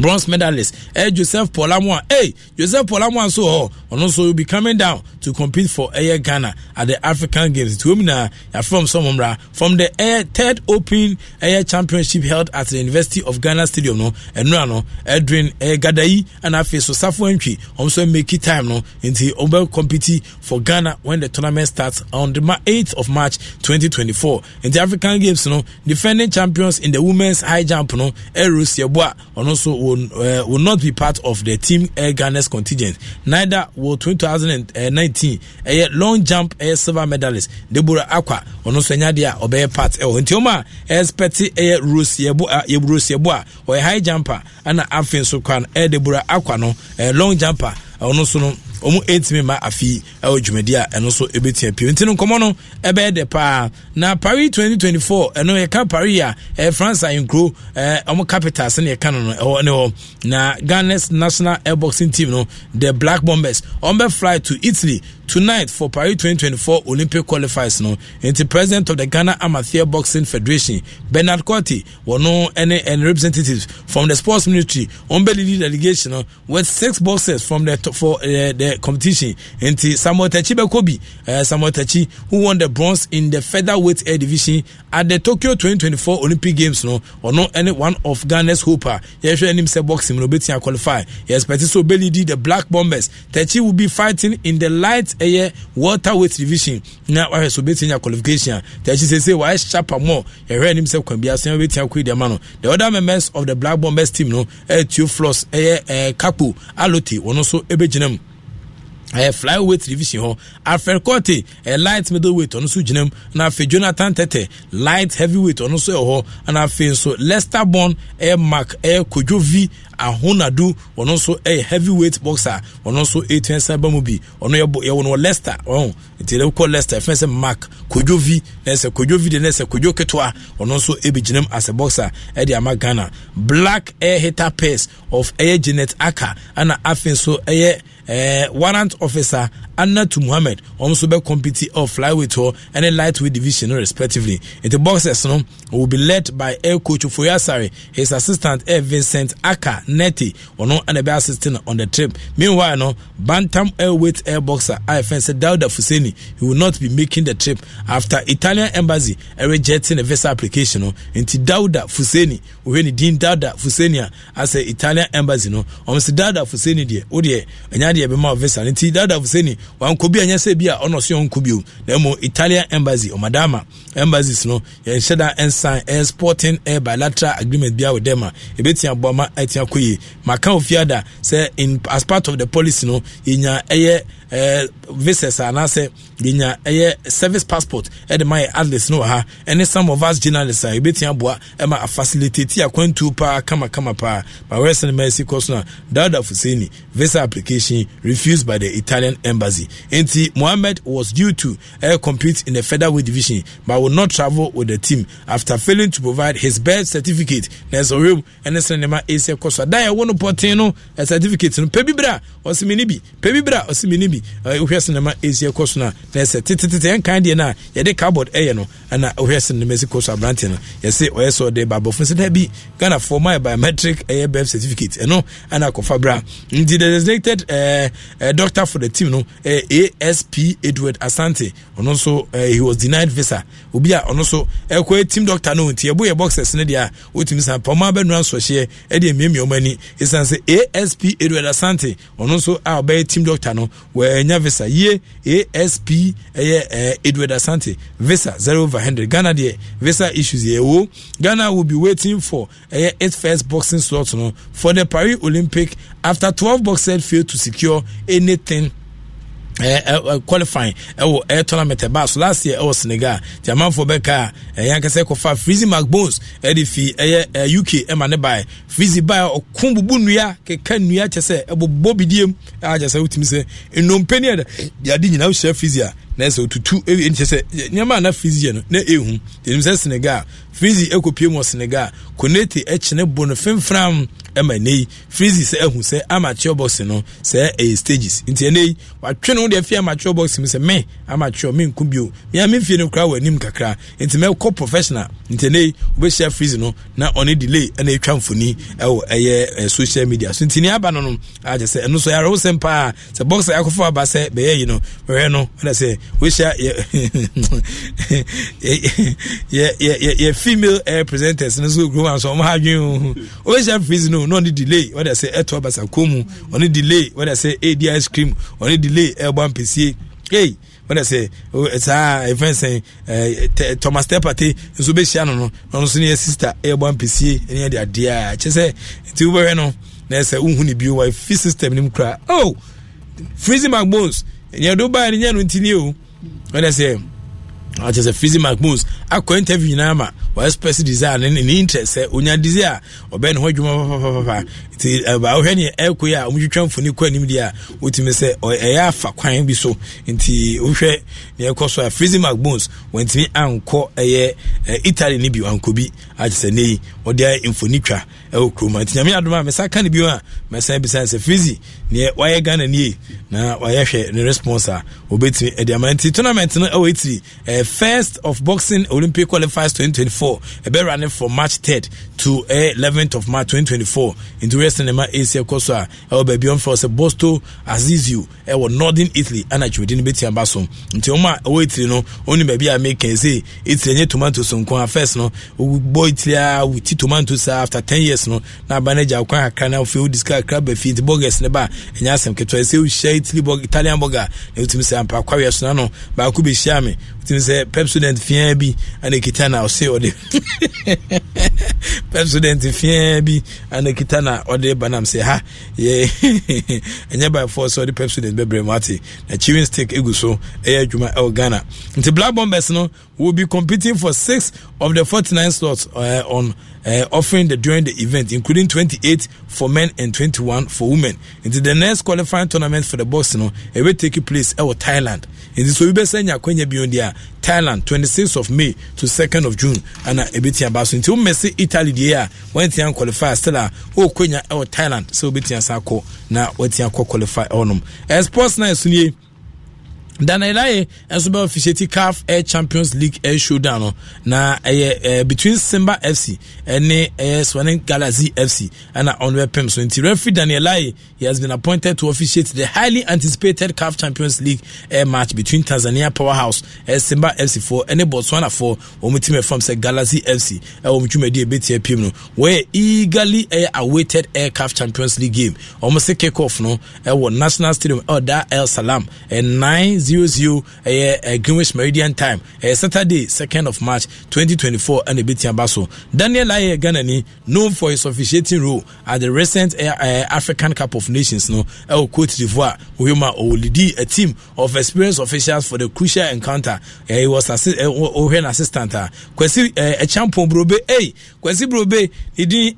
bronze medalist eh, joseph polamua hey, joseph polamua oh, nso hɔ ɔno nso will be coming down to compete for ɛyɛ eh, ghana at the african games tuom na yɛafrɛm sɛ mmɔmmra from the eh, third open eh, championship held at the university of ghana stadium no ɛnura no ɛdwin eh, gadayi ɛna afei so safo antwi ɔm nso make time no nti ɔmbɛ compete for ghana when the tournament starts on the 8th of march 2024 nti african games no defending champions in the women's high jump no ɛrosi ɛboa ɔno nso will, uh, will not be part of the Team Air Ghana's contingent. Neither will 2019 uh, a long jump uh, silver medalist Deborah Aqua ɔno nso anya deɛ a ɔbɛyɛ part ɛwɔ uh, nti ɔmo a ɛspɛte uh, ɛyɛ rose yɛbo a yɛ rose yɛbo a high jumper ɛna afei nso kwan ɛyɛ Deborah Aqua no ɛɛ long jumper ɔno no no ɔmu ɛntumi ma afei ɛwɔ e, dwumadi a ɛno nso ɛbɛtua e pio nti no nkɔmmɔ no ɛbɛyɛ dɛ paa na paris 2024 ɛno yɛka paris a ɛyɛ e, france a nkuro ɔmo capital sɛne yɛka no no ɛhɔ ne hɔ na ghana's national airboxing team no the black bombers ɔmo bɛfly to italy tonight for paris 2024 olympic qualifiers no nti president of the ghana amateur boxing federation bernard cote wɔno ɛne ɛne representatives from the sports ministry ɔmo bɛ lead delegation no with six boxers from the for uh, the competition nti samuel tachi bɛkɔ bi uh, eh, samuel tachi who won the bronze in the featherweight air division at the tokyo 2024 olympic games no ɔno ne one of ghana's hope a yɛhwɛ anim sɛ boxing no obɛtumi aqualify yɛspɛte sɛ obɛlidi the black bombers tachi will be fighting in the light ɛyɛ waterweight division na wahwɛ sɛ obɛtumi nya qualification a tachi sɛ sɛ wayɛ sharper more yɛhwɛ anim sɛ kwan biasɛn obɛtumi akɔ idiama no the other members of the black bombers team no Tio floss ɛyɛ ɛɛ kapo alote wɔn nso ɛbɛgyina mu ɛyɛ flyweight division hɔ alfred corte ɛyɛ light middleweight ɔno nso gyina mu na afei jonathan tete light heavyweight ɔno nso ɛwɔ hɔ na afei nso lester bond ɛyɛ mark ɛyɛ kojo v ahonadu ɔno nso ɛyɛ heavyweight boxer ɔno nso etu ɛsɛ ba mu bi ɔno yɛ yɛwɔ no lester ɔn nti yɛ kɔ lester fɛn sɛ mark kojo v na ɛsɛ kojo v de na ɛsɛ kojo ketewa ɔno nso ebi gyina mu as a boxer ɛde ama ghana black ɛyɛ hitter pairs of ɛyɛ janet aka ɛna afei nso ɛyɛ eh, warrant officer anatu muhammad wɔn nso bɛ compete of oh, flyweight hɔ oh, ne lightweight division respectively nti boxers no will be led by air coach Fuyasari, his assistant air Vincent Aka Neti, or no and a assistant on the trip. Meanwhile, no Bantam airweight air boxer IFN Dauda Fuseni, he will not be making the trip after Italian embassy rejecting a visa application. No, into Dauda Fuseni, when he deemed Dauda Fuseni as a Italian embassy. No, on Mr. Dauda Fuseni, dear, oh dear, and Yadia Bema visa, and Dauda Fuseni, one could be and yes, be a honor, so on Kubio, Italian embassy, or Madama embassies. No, and Shada and sign a sporting a bilateral agreement bi a wɔ dɛm a ebetia aboa ma atia kɔ yie maka ofia da in as part of the policy no inya ɛyɛ. Eh, visas anaasɛ yɛnya ɛyɛ service passport ɛde ma yɛ atlas no wɔ ha ɛne some of us journalists eh, a yɛbɛtumi aboa ɛma afacilitate akwantuo paa kamakama paa ma wɛsɛ no ma ɛsi kɔ so a dauda fuseni visa application refused by the italian embassy enti mohammed was due to uh, compete in the featherweight division but will not travel with the team after failing to provide his birth certificate na ɛsɛ ɔwɛm ɛne sɛ ne ma ɛsi kɔ so a eh, dan ɛwɔ no pɔten no certificate no pɛ bi bra ɔsi mi ni bi pɛ bi bra ɔsi mi ni bi bi wohwɛ sinema ɛsi kɔ so no a na ɛsɛ tetetete ɛnkan deɛ no a yɛde cardboard ɛyɛ no ɛna wohwɛ sinema ɛsi kɔ so aberante no yɛse ɔyɛ sɛ ɔde babɔfo sɛ da bi ghanafoɔ ma biometric ɛyɛ birth certificate ɛno ɛna akɔfa berɛ a nti the designated doctor for the team no uh, asp edward asante ɔno nso he was denied visa obi a ɔno nso ɛkɔ uh, team doctor no nti ɛbo yɛ boxers no deɛ a wotumi san pɔma bɛnura nsɔhyeɛ ɛde mmiamia ɔmani ɛsiane sɛ asp edward asante ɔno nso a ɔbɛyɛ team doctor no wɔ ɛnya eh, visa yie asp ɛyɛ eh, eh, edward asante visa zero over hundred ghana deɛ visa issues yɛ ɛwo ghana will be waiting for ɛyɛ eh, its first boxing slot no for the paris olympic after twelve boxers failed to secure anything. Eh, eh, eh, qualifying ɛwɔ ɛyɛ tournament ɛba so last year ɛwɔ Senegal ti amanfo bɛka a ɛyɛ ankasa ɛkɔfa Freezy MacBones. ɛde fi ɛyɛ ɛɛ UK ɛma ne baa Freezy baa ɔko bubu nnua keka nnua kyɛ sɛ ɛbobɔ bidiem a kyɛ sɛ wotumi sɛ nnompe ne yɛde nyinaa wohyɛ Freezy a na ɛsɛ otutu ɛyɛ kyɛ sɛ nneɛma a na Freezy yɛ no na ehu tɛnum sɛ Senegal Freezy ɛkɔ pie mu wɔ Senegal Konate ɛkyene bo no fimfram ma ɛnɛ yi frizi sɛ ɛhu sɛ amateur box no sɛ ɛyɛ stages nti ɛnɛ yi watwe no deɛ fi amateur box mu sɛ mɛ amateur mi nku bio mia mi fie no koraa wɔ anim kakra nti mɛ kɔ professional nti ɛnɛ yi wobɛhyia frizi no na ɔne delay ɛna atwa mfoni ɛwɔ ɛyɛ social media so nti ne aba no no akyɛ sɛ ɛno so yɛarewo sɛm paa sɛ box akɔfo aba sɛ bɛyɛ yi no mɛhwɛ no ɛna sɛ wohyia yɛ *laughs* female presenters no so kurom a so ɔmo adwene ho wohyia frizi no no na ɔne delay wɔde sɛ ɛto abasakɔ mu ɔne delay wɔde sɛ ɛdi ice cream ɔne delay ɛbɔ ampesie ei wɔde sɛ saa ɛfɛn sɛn thomas tepate nso bɛhyia no no ɔno nso ne yɛ sister ɛbɔ ampesie ɛne yɛde adeɛ a kyɛ sɛ nti wobɛhwɛ no na ɛsɛ wohu ne bio wa fi system no mu koraa o freezing back bones ɛnyɛ do baa ne nyɛ no ntini o wɔde sɛ ɔkyɛ sɛ fizi macmus akɔ interview nyinaa ma wɔɛspɛs desire ne ne interest sɛ onya a ɔbɛɛ ne ho adwuma papapapa nti eh, wohwɛ ne ɛkɔ yi a ɔmotwitwa mfoni kɔ anim deɛ a wotumi sɛ ɛyɛ afa kwan bi so nti wohwɛ ne ɛkɔ so a frizy macbones wantumi ankɔ ɛyɛ italy no bi wankɔ bi agye sɛ neyi ɔde mfoni twa ɛwɔ kurom a nti nyame adom a mesa ka no bio a mɛsan bisane sɛ frizy neɛ wayɛ ghana nie na wayɛ hwɛ ne response a wɔbɛtumi ɛde ama nti tournament no ɛwɔ ɛtiri uh, first of boxing olympic qualifiers 2024 ɛbɛwura ne from march third to uh, 11 of march 2024 nti wrestling ma ɛsi ɛkɔ so a ɛwɔ baabi ɔmfa sɛ bosto azizio ɛwɔ northern italy ana twɛdi no bɛtia ba so nti ɔma ɛwɔ itiri no ɔne baabi a meka ɛsɛ itiri ɛnyɛ tomatoes nko a first no ɔbɔ itiri a wɔti tomatoes a after ten years no na aba no agya kwan akra na afei wodi sika akra ba fie nti burgers ne ba ɛnyɛ asɛm ketewa ɛsɛ wohyia itiri italian burger na wotumi sɛ ampa kwaweɛ so na no baako bɛhyia me timi sɛ pep student bi ana kita na ɔse ɔde *laughs* pep student bi ana kita na ɔde banam sɛ ha yɛ *laughs* ɛnyɛ by force ɔde pep bɛbrɛ mu ate na chewing stick egu so ɛyɛ adwuma ɛwɔ ghana nti black bombers no will be competing for six of the forty nine slots uh, on uh, offering the, during the event, including 28 for men and 21 for women. Into the next qualifying tournament for the boxing, you know, it will take place uh, in Thailand. Into so we be saying Yakwenya beyond there. Uh, Thailand 26th of May to 2nd of June and a uh, bit in Basso. Until Messi Italy the year when Tian qualify still are oh Kenya or Thailand so bit in Sako now what Tian qualify on them. Sports night daniel aye nso bɛ officiate caf air champions league air showdown no na ɛyɛ ɛɛ between simba fc ɛne ɛyɛ swanen Galazi fc ɛna ɔno bɛpem so nti referee daniel aye he has been appointed to officiate the highly anticipated caf champions league air match between tanzania powerhouse ɛyɛ simba fc four ɛne botswana four wɔn ti mɛ fam sɛ Galazi fc ɛwɔ wɔn dwumadi ebeti apim no wɔyɛ eagerly ɛyɛ awaited air caf champions league game wɔn si kick off no ɛwɔ national stadium ɛwɔ da el salam ɛyɛ nine. 00 eh, greenwich meridian time saturday 2nd of march 2024 and ɛbɛtia ba so daniel ayɛ ghanani known for his officiating role at the recent eh, eh, african cup of nations no ɛwɔ cote divoire wɔyɛ mu a ɔwɔlidi a team of experienced officials for the crucial encounter he was assi- uh, ɔhwɛ n'assistant a ah. kwasi brobe, uh, burobe ɛy kwasi burobe ne din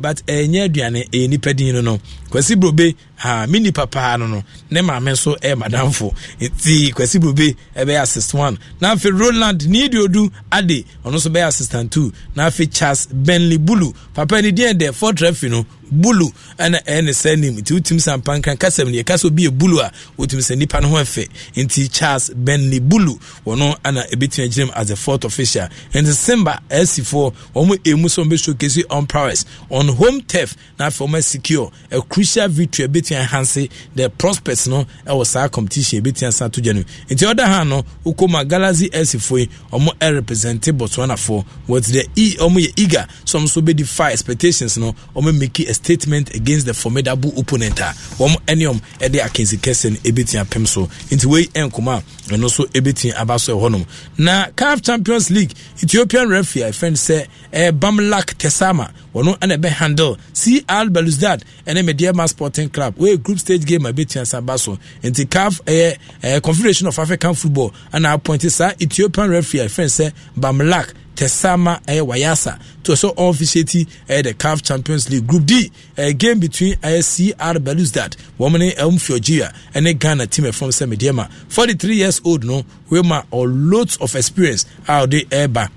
but ɛnyɛ aduane ɛyɛ nipa din no no kwasi brobe ha me nipa no no ne maame nso ɛyɛ eh, madamfo nti kwasi brobe ɛbɛyɛ eh, assistant one na afei roland niidiodu ade ɔno nso bɛyɛ assistant two na afei charles benley bulu papa ni deɛ deɛ fɔ trɛfi no bulu ɛna ɛyɛ ne sɛ nim nti wotumi sa mpankan kasɛm no yɛka sɛ obi yɛ bulu a wotumi sɛ nipa no ho ɛfɛ nti charles benny bulu wɔno ana ɛbɛtumi agyina mu as a fourth official nti simba asifoɔ wɔn ɛmu sɛ wɔbɛsɔ kesi on prowess on home turf na afei wɔn secure a crucial victory ɛbɛtumi ahanse the prospects no ɛwɔ saa competition ɛbɛtumi asan to gya no nti ɔda ha no wokɔ mu a galaxy asifoɔ yi wɔn ɛrepresente botswanafoɔ wɔte dɛ e wɔn yɛ eager so wɔn nso bɛdi fire expectations no wɔn meki statement against the formidable opponent a wɔn ɛneɛm ɛde akansi kɛse no ebetumi apem so nti wei ɛnkoma ɛno nso ebetumi aba so ɛhɔnom na caf champions league ethiopian referee a ɛfɛn sɛ ɛɛ eh, tesama wɔn ɛna ɛbɛ handle c al beluzdad ɛne mediama sporting club wɔyɛ group stage game a ebetumi asa so nti caf ɛyɛ ɛɛ eh, confederation of african football ɛna appointed saa ethiopian referee a ɛfɛn sɛ bamlak Tesama ɛyɛ Wayasa to so ɔnfihyɛti ɛyɛ the CAF Champions League Group D ɛyɛ game between ɛyɛ CR Belouizdad wɔn ne ɛm Fiorgia ɛne Ghana team ɛfam sɛ Mediema forty three years old no wema or loads of experience a ɔde ɛɛba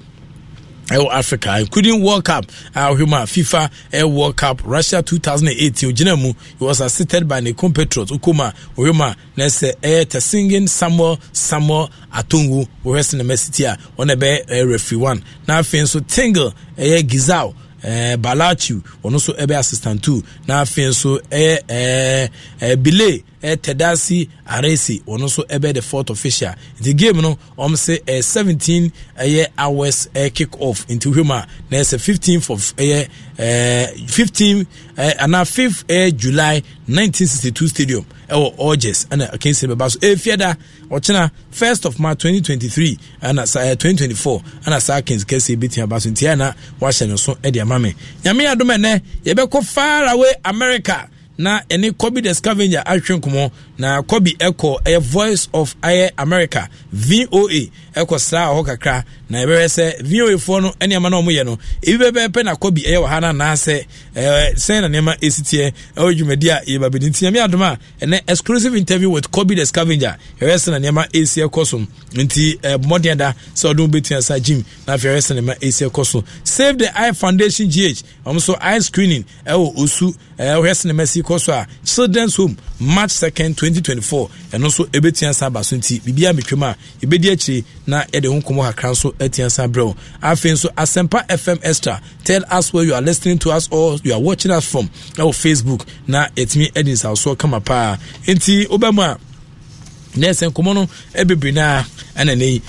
ɛwɔ africa including world cup ahwema fifa air eh, world cup russia 2018 ogyina mu he was assisted by ne compatriot okoma ohwema na sɛ eh, ɛyɛ eh, tesingin samuel samuel atongu wɔhwɛ sinema city a ɔna ɛbɛyɛ ɛyɛ referee one na afei nso tingle ɛyɛ gizao ɛɛ eh, balachi ɔno nso ɛbɛ assistant two na afei nso ɛyɛ ɛɛ ɛɛ bile ɛɛ eh, tedasi aresi ɔno nso ɛbɛ the fourth official nti game no ɔmo sɛ ɛɛ seventeen ɛyɛ eh, hours ɛɛ kick off nti hwɛ mu a na ɛsɛ fifteen for ɛyɛ ɛɛ fifteen ɛɛ anaa fifth ɛɛ july nineteen sixty two stadium ɛwɔ orges ɛna akansi bɛba so efie da ɔkyena first of march twenty twenty three ɛna saa ɛɛ twenty twenty four ɛna saa akansi kɛse ebi tia so ntia na wahyɛ ne so ɛde ama mi nyame adum ɛnɛ yɛbɛkɔ far away america na ɛne kobe the scavenger ahwɛ nkɔmɔ na kobi ɛkɔ ɛyɛ voice of ɛyɛ america voa ɛkɔ saa hɔ kakra na ɛbɛyɛ sɛ voa foɔ no nneɛma na wɔn yɛ no ebi bɛbɛpɛ na kobi ɛyɛ wɔ ha na anaasɛ ɛɛ sɛn na nneɛma esi teɛ ɛwɔ dwumadi a yɛ babi ne nti ɛmi adum a ɛnɛ exclusive interview with kobi the scavenger ɛyɛ sɛ na nneɛma esi ɛkɔ so nti ɛɛ mmɔden da sɛ ɔdun betua sa gym na afei ɛyɛ sɛ nneɛma esi ɛkɔ so save the eye foundation gh wɔn so eye screening ɛwɔ osu ɛɛ ɔyɛ sɛ nneɛma si kɔ so a children's home march second 2024 and also ɛbɛtia san aba so nti na yɛde ho nkɔmmɔ kakra nso atia fm extra tell us where you are listening to us or you are watching us from Our facebook na it's me nsawosoɔ kama come up wobɛmu a nɛɛsɛ nkɔmmɔ no bebree no a ɛna ne yi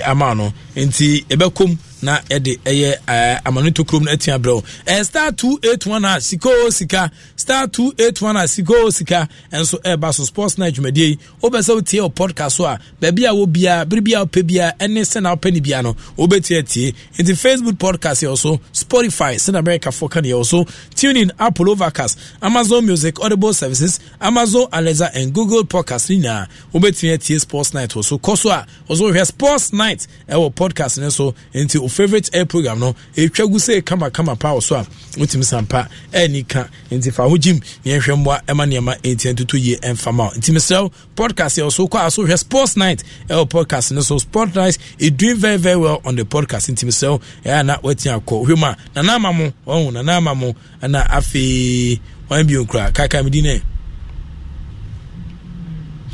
Amano. Into Ebekum na yɛde ɛyɛ ɛɛ amanoto kurom na ɛtia brɛ o ɛɛ star two eight one a sika o sika star two eight one a sika o sika ɛnso ɛɛba so sports night dwumadie yi wobɛ sɛ wotie wɔ podcast so a baabi a wɔ bia bere bi a wopɛ biara ɛne sɛna wopɛ ne biara no wobɛtie atie nti facebook podcast yɛ so spotify sɛna america fo ka ne yɛ so tuning apple overcast amazon music audible services amazon alexa and google podcast ne nyinaa wobɛtumi atie sports night wɔ so kɔ so a wɔso wohwɛ sports night ɛwɔ podcast ne so nti favorite air program no ɛtwa gu sɛ "Kama pa wo so a wotumi sampa ɛni ka nti fa ho gyim ne ɛhwɛ mmoa ɛma nneɛma ɛntia ntoto yie ɛmfama wo nti mesrɛ wo podcast yɛ so kɔ a so hwɛ sports night ɛwɔ podcast no so sport night it doing very very well on the podcast nti mesrɛ wo ɛyɛ na woatia akɔ hwɛ mu a nana ama mo ɔhu nana ama mo ɛna afei wɔn bio nkura kaka ne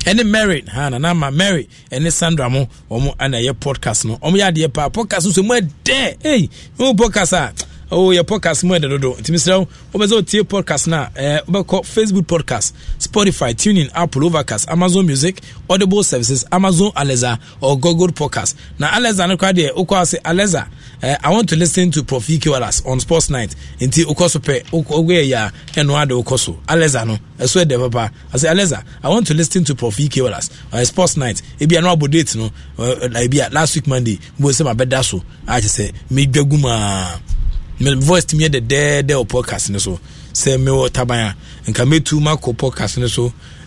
ɛne mary ha ma mary ɛne sandra mo wɔn ana ɛyɛ podcast no wɔn yɛ adeɛ paa podcast nso mu ɛdɛ ɛyi mu podcast a oh yɛ podcast mu ɛdɛ dodo ntumi srɛ wɔbɛ sɛ otie podcast na ɛɛ eh, wɔbɛkɔ facebook podcast spotify tuning apple overcast amazon music audible services amazon alexa or google podcast na alexa no kora deɛ okɔ ase alexa uh, I want to listen to Prof. Ike Wallace on Sports Night. Nti okoso pe ogwe ya eno ade okoso. Aleza no. Eso de papa. I say Aleza, I want to listen to Prof. Ike Wallace on Sports Night. Ebi ano abo date no. Eh, eh, ebi last week Monday. Mo se ma beda so. I just say me dwagu ma. Me voice to me the there there podcast no so. Say me wo taban a. Nka metu makọ podcast no so. *laughs*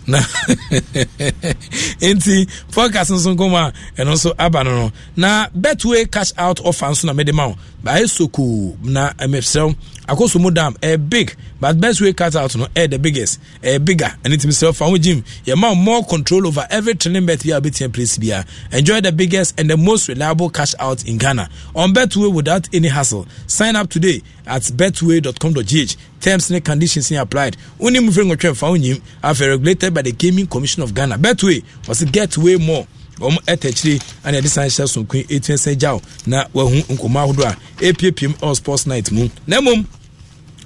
nti podcast nso nkɔmɔ a ɛno nso aba no no na betway cash out offer nso na mɛde ma ayɛ soko na eh, mɛsrɛw akosomu dam ɛyɛ eh, big but best way cut out no ɛyɛ eh, the biggest ɛyɛ bigger ɛne ti srɛw fa ho gym yɛma more control over every training bet bi a wobɛtia place bia enjoy the biggest and the most reliable cash out in ghana on betway without any hassle sign up today at betway.com.gh terms and conditions in applied wonim mfiri nwɔtwɛ mfa ho gym. afei regulated by the gaming commission of ghana betway wɔse get way more wɔn ɛtɛ akyire ɛna yɛde san hyɛ sonkun etu ɛsɛn gyaw na wɔahu nkɔmɔ ahodoɔ a epiepiem all sports night mu na mmom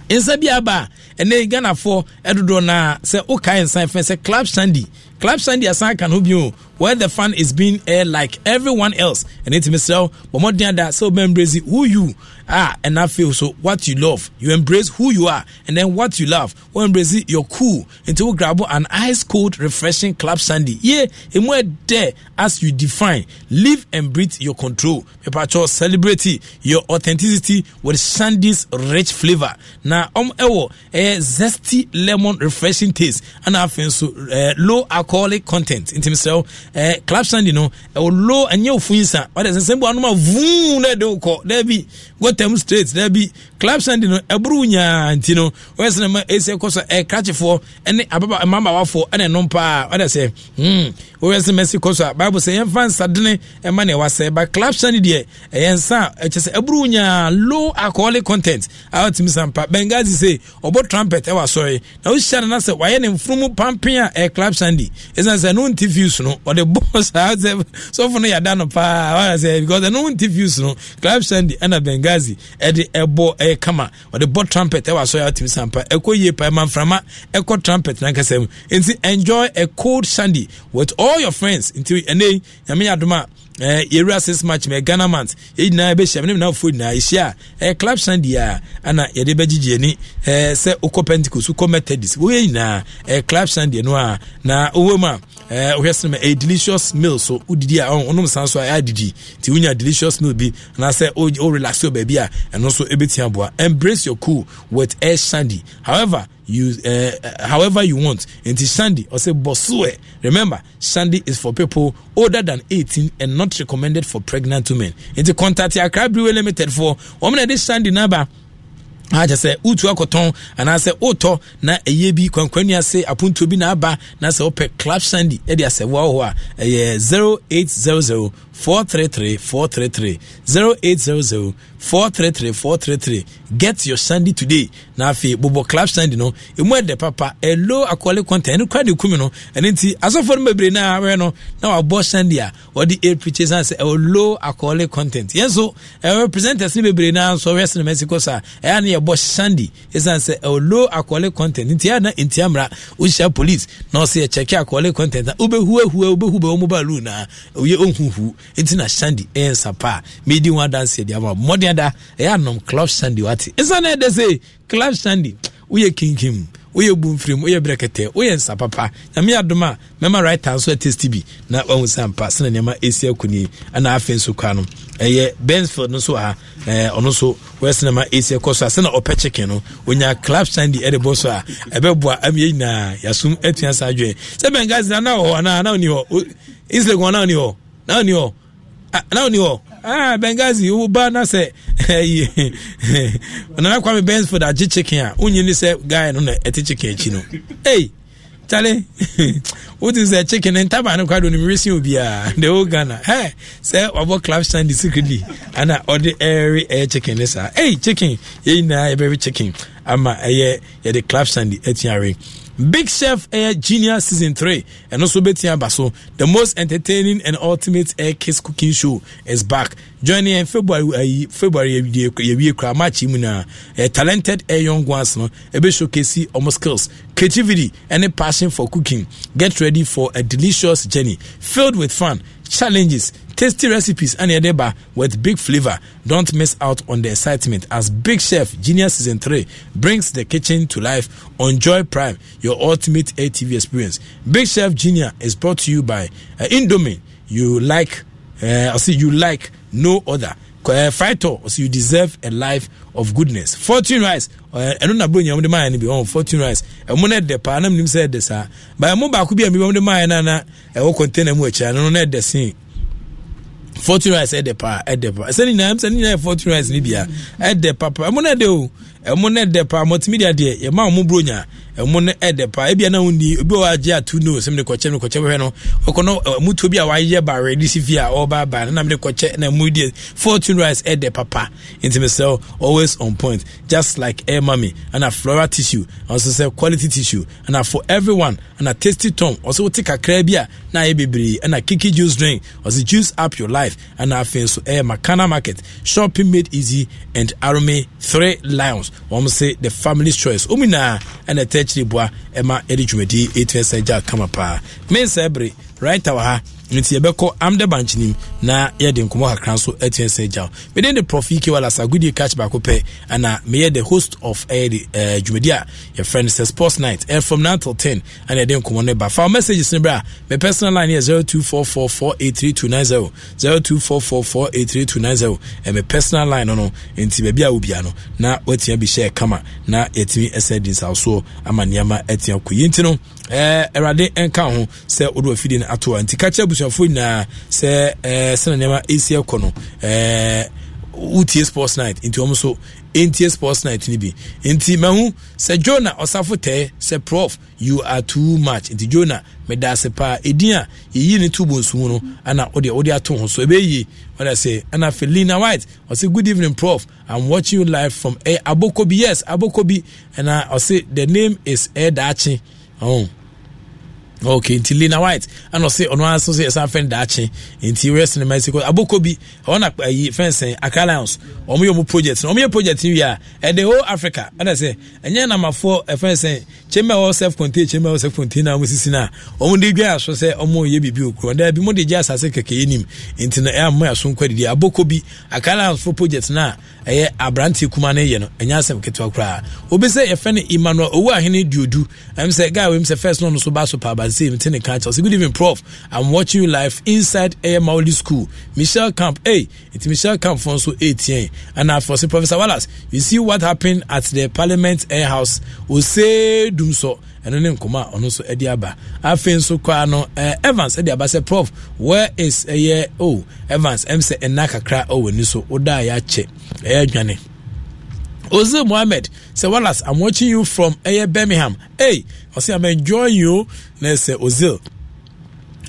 nsa bi aba a ɛnɛ ghanafoɔ ɛdodoɔ na sɛ wokae nsa fɛ sɛ club sandy club sandy asan ka no bio where the fan is being air like everyone else ɛnɛ tumi srɛw bɔmmɔden da sɛ wobɛmbrɛsi who you ah, and I feel so what you love. You embrace who you are and then what you love. you embrace it, you're cool. Until you grab an ice cold, refreshing club sandy. Yeah, and where there as you define. Live and breathe your control. Pepacho celebrity, your authenticity with Sandy's rich flavor. Now, um, ewo, a zesty lemon refreshing taste. And I feel so eh, low alcoholic content. In terms of eh, club sandy, no, eh, low and your funsa. What is the same one? Voom, there do call. There be watam straight na bi club sunday no ɛboro nyaa nti no wɔyɛ sɛ nama ɛsi ɛkɔ so ɛkrakyefoɔ ne ababa mmabaawafoɔ eh, ɛna ɛnom paa ɔna sɛ hmm wɔyɛ sɛ mɛsi kɔ so a bible sɛ yɛmfa nsadene ɛma eh, ne ɛwasɛ ba club sunday deɛ ɛyɛ nsa a ɛkyɛ sɛ ɛboro nyaa low alcoholic content a wɔtumi sampa bengazi sɛ ɔbɔ trumpet ɛwɔ eh, asɔre na wohyia no na sɛ wayɛ ne mfunumu pampen a ɛyɛ club sunday ɛsiane sɛ ɛno nti views no ɔde bɔ saa sɛ sɔfo no *laughs* yɛda no paa ɔna sɛ because ɛno nti views no club sunday ɛna bengazi jazzy ɛde ɛbɔ ɛyɛ kama ɔde bɔ trumpet ɛwɔ eh, asɔre atim sampa ɛkɔ yie pa ɛma eh, mframa ɛkɔ trumpet nankasa mu nti enjoy a cold sandy with all your friends nti ɛnɛ nyame yɛ a Eh, yɛwura six match ma ghana mant yɛ nyinaa yɛbɛhyia me ne menafoɔ nyinaa yɛhyia a eh, club sunday a ana yɛde bɛgyegye ani eh, sɛ wokɔ pentecost wokɔ methodist woyɛ nyinaa club sunday no a na wowɔ mu a wohwɛ sɛ ma delicious meal so wodidi a wonom san so a ɛadidi nti wonya delicious meal bi anaasɛ worelaxe wɔ baabi a ɛno nso ɛbɛtia aboa embrace your cool with air shandy however you uh, uh, however you want nti Sandy, or say bosue eh, remember Sandy is for people older than 18 and not recommended for pregnant women Into contact akra brewery limited for wɔn na de shandy naba akyɛ sɛ wotu akɔtɔn anaasɛ wotɔ na ɛyɛ bi kwankwanni ase apontuo bi na aba na sɛ wopɛ clap shandy de asɛboa wɔ hɔ a ɛyɛ 0800 433 433 0800 433 433 get your sandy today na afei bobɔ club sandy no emu ɛdɛ papa ɛlo akɔle content ɛnu kura de kum no ɛne nti asɔfo no bebree na awɛ no na wabɔ sandy a wɔde eight pictures na sɛ ɛwɔ lo akɔle content yɛn so ɛwɔ presenters no bebree na nso ɔwɛ sinima ɛsi kɔ so a ɛyɛ ano yɛbɔ sandy ɛsan sɛ ɛwɔ lo akɔle content nti ɛyɛ na nti amra ohyia police na ɔsi ɛkyɛkɛ akɔle content na obehuahua obehu bɛ wɔn mobile loan na oye ohuhu nti na shandy ɛnsa eh, paa medi ho adanseɛ de ama mmɔden ada ɛyɛ anom club shandy wate ɛsa na ɛdɛ sɛ club shandy woyɛ kinkim woyɛ bumfirim woyɛ brɛkɛtɛ woyɛ nsa papa nyame adom a mɛma writer nso atesti bi na wahu sɛ ampa sɛna nneɛma ɛsi akoni ana afei nso kwa no ɛyɛ bensfield no so a eh, ɔno so wɔɛsɛnama ɛsi ɛkɔ so a sɛna ɔpɛ chicken no ɔnya club shandy ɛde bɔ so a ɛbɛboa ameyɛ nyinaa yasum atua saa adwene sɛ bɛngasina na wɔ hɔ anaa na hɔ isleg hɔ na hɔ na oni hɔ ah, na oni hɔ ah Benghazi wo ba na sɛ ɛyi nana kwame Bensford agye chicken a wonyi ni sɛ guy no na ɛte eh, chicken akyi no ɛyi kyale wotu sɛ chicken ne ntaba ne kwa do ne mirisi obiara *laughs* the Ghana ɛ sɛ wabɔ club stand secretly ana ɔde ɛre eh, ɛyɛ chicken ne saa ɛyi chicken yɛn nyinaa yɛbɛwe chicken ama ɛyɛ yɛde club stand ɛtiare. big chef Air junior season three and also bɛtumi aba so the most entertaining and ultimate air kiss cooking show is back join in february eh, february yɛwie kura march eh, talented air young ones no ɛbɛ showcase ɔmo skills creativity and a passion for cooking get ready for a delicious journey filled with fun challenges Tasty recipes and Edeba with big flavor. Don't miss out on the excitement as Big Chef Genius Season 3 brings the kitchen to life on Joy Prime, your ultimate ATV experience. Big Chef Genius is brought to you by uh, Indomie. You like, uh, I see, you like no other. Uh, fighter, so you deserve a life of goodness. Fortune rice, ɛno uh, na bonyam de maayɛ no bi ɔn fortune rice ɛmo no ɛdɛ paa nam nim sɛ ɛdɛ saa ba baako bi a mi bɛm de maayɛ no ana ɛwɔ container mu akyira no no ɛdɛ sen forty rice ɛdɛ paa ɛdɛ paa sɛni na sɛni na yɛ forty rice ni bia ɛdɛ papa ɛmu na ɛdɛ o ɛmu na ɛdɛ paa multimedia deɛ yɛ maa ɔmo buro nyaa ɛmo no ɛdɛ paa ebia na wonni obi wɔ agye ato no sɛ mede kɔkyɛ mede kɔkyɛ bɛhwɛ no ɔkɔ eh, no mutuo bi a wayɛ ba redi si fie a ɔba ba na mede kɔkyɛ na mu deɛ fortune rice ɛdɛ papa nti mesɛ always on point just like air mami ana flora tissue ɔnso sɛ quality tissue ana for everyone ana tasty tom ɔso wote kakraa bi a na ayɛ bebree ana kiki juice drink ɔso juice up your life ana afei nso ɛyɛ makana market shopping made easy and arome three lions wɔn sɛ the family's choice wɔn nyinaa ɛna ɛtɛ akyiri boa ɛma ɛde dwumadi ɛtumi sɛ gya kama paa mensa bere right wɔ ha nti yɛbɛkɔ amda bank nim na yɛde nkɔmmɔ kakra nso atiɛ sɛ gyaw mede ne prɔf ike walasa goodie catch baako pɛ ana meyɛ the host of ɛyɛ eh, de eh, dwumadi a yɛfrɛ no sɛ sports night and eh, from 9 till 10 ana yɛde nkɔmmɔ no ba fa messages no berɛ a me personal line yɛ 0244483290 0244483290 ɛme personal line no no nti baabi a wobia no na watia bi hyɛ kama na yɛtumi ɛsɛ di nsawosoɔ ama nneɛma atia kɔ yi nti no ɛwurade nka ho sɛ wode wafidie no atoa nti ka kyɛ abusuafoɔ nyinaa sɛ ɛɛ eh, sɛnɛ nneɛma esi ɛkɔ no ɛɛ eh, wotie sports night nti wɔn nso ntie sports night ni bi nti mahu sɛ jona ɔsafo tɛɛ sɛ prof you are too much nti jona meda ase paa edin a yɛyi ne tubo nsumu no ana ɔde ɔde ato ho so ebe yie ɔde ase ɛna afei lina white ɔse good evening prof i'm watching you live from ɛ abokobi yes abokobi ɛna ɔse the name is ɛdaakye ɔn. Oh okay nti lina white ɛna ɔse ɔno ara nso yɛ san fɛn daakye nti rest in mercy aboko bi ɔwɔ na ayi fɛnsɛn accra lions wɔn yɛ wɔn project na wɔn yɛ project yi a ɛde whole africa ɛna sɛ ɛnyɛ namafoɔ ɛfɛnsɛn chamber hall self contained chamber hall self contained na wɔn sisi na wɔn de dwa aso sɛ wɔn yɛ biribi okuro ɛna ebi wɔn de gya asase kɛkɛ yɛ nim nti na ɛyɛ amoya so nkwa didi aboko bi accra lions for project na ɛyɛ aberante kuma ne yɛ no ɛnyɛ asɛm ketewa koraa obi sɛ yɛfɛ no emmanuel guy wɛm sɛ first no no ba but see him ten catch us. Good evening, Prof. I'm watching you live inside Air Mauli School. Michelle Camp, hey, it's Michelle Camp for so 18. And now for say, Professor Wallace, you see what happened at the Parliament Air House. We say doom so. ɛno ne nkɔmɔ a ɔno nso ɛde aba afei nso kora no evans ɛde aba sɛ prof where is ɛyɛ eh, Oh, evans ɛm sɛ ɛna kakra ɔwɔ oh, ani so ɔda a yɛakyɛ ɛyɛ eh, adwane Ozil Mohammed say Wallace I'm watching you from eh, Birmingham hey I say I'm enjoying you na say Ozil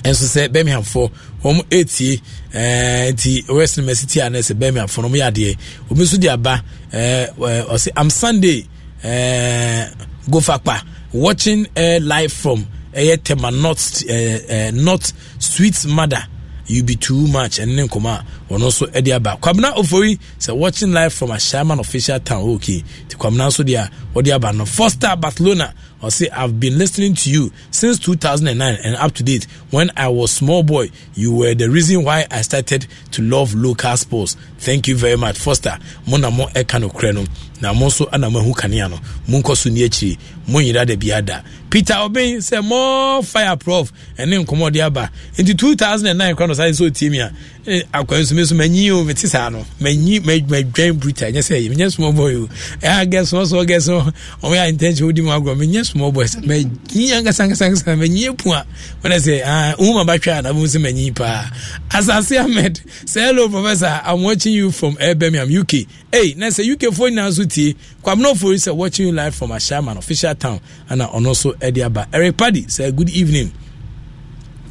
And so say birmingham for home etie eh, and the Western mercy tia say birmingham for no mo yɛ adeɛ omi nso de aba ɛɛ eh, ɛɛ eh, ɔsi am sunday ɛɛ gofakpa watching ɛɛ live from ɛyɛ tema not ɛɛ ɛɛ north sweet mother you be too much ɛne nkɔmɔ a ɔno nso de aba kwamena ofori sɛ watching live from ashaman official town ok nti kwamena nso deɛ ɔde aba no four star barcelona ɔse i've been listening to you since 2009 and up to date when i was small boy you were the reason why i started to love local sports thank you very much foster mo na mo ɛka nokorɛ no na mo nso ana mo ahu kanea no monkɔ so ni akyiri mo nyira da bia da peter obin sɛ more fire prof ɛne nkɔmmɔ de aba nti 2009 kora no saa sɛ ɔtie mi a Eh, akwanso mi nso manyi o mete saa no manyi madwan bruta nyɛ sɛ menyɛ small boy o ɛa eh, gɛso so gɛso ɔmo yɛ intention wodi mu agorɔ menyɛ small boy manyi ankasa ankasa ankasa manyi epu a wɔna sɛ nwoma ah, batwa a nabom sɛ manyi paa asase ahmed sɛ hello professor i'm watching you from Ebemiam eh, uk hey na sɛ uk foɔ nyinaa nso tie kwamunofo yi sɛ watching you live from ashaman official town ana ɔno nso ɛde aba eric paddy sɛ good evening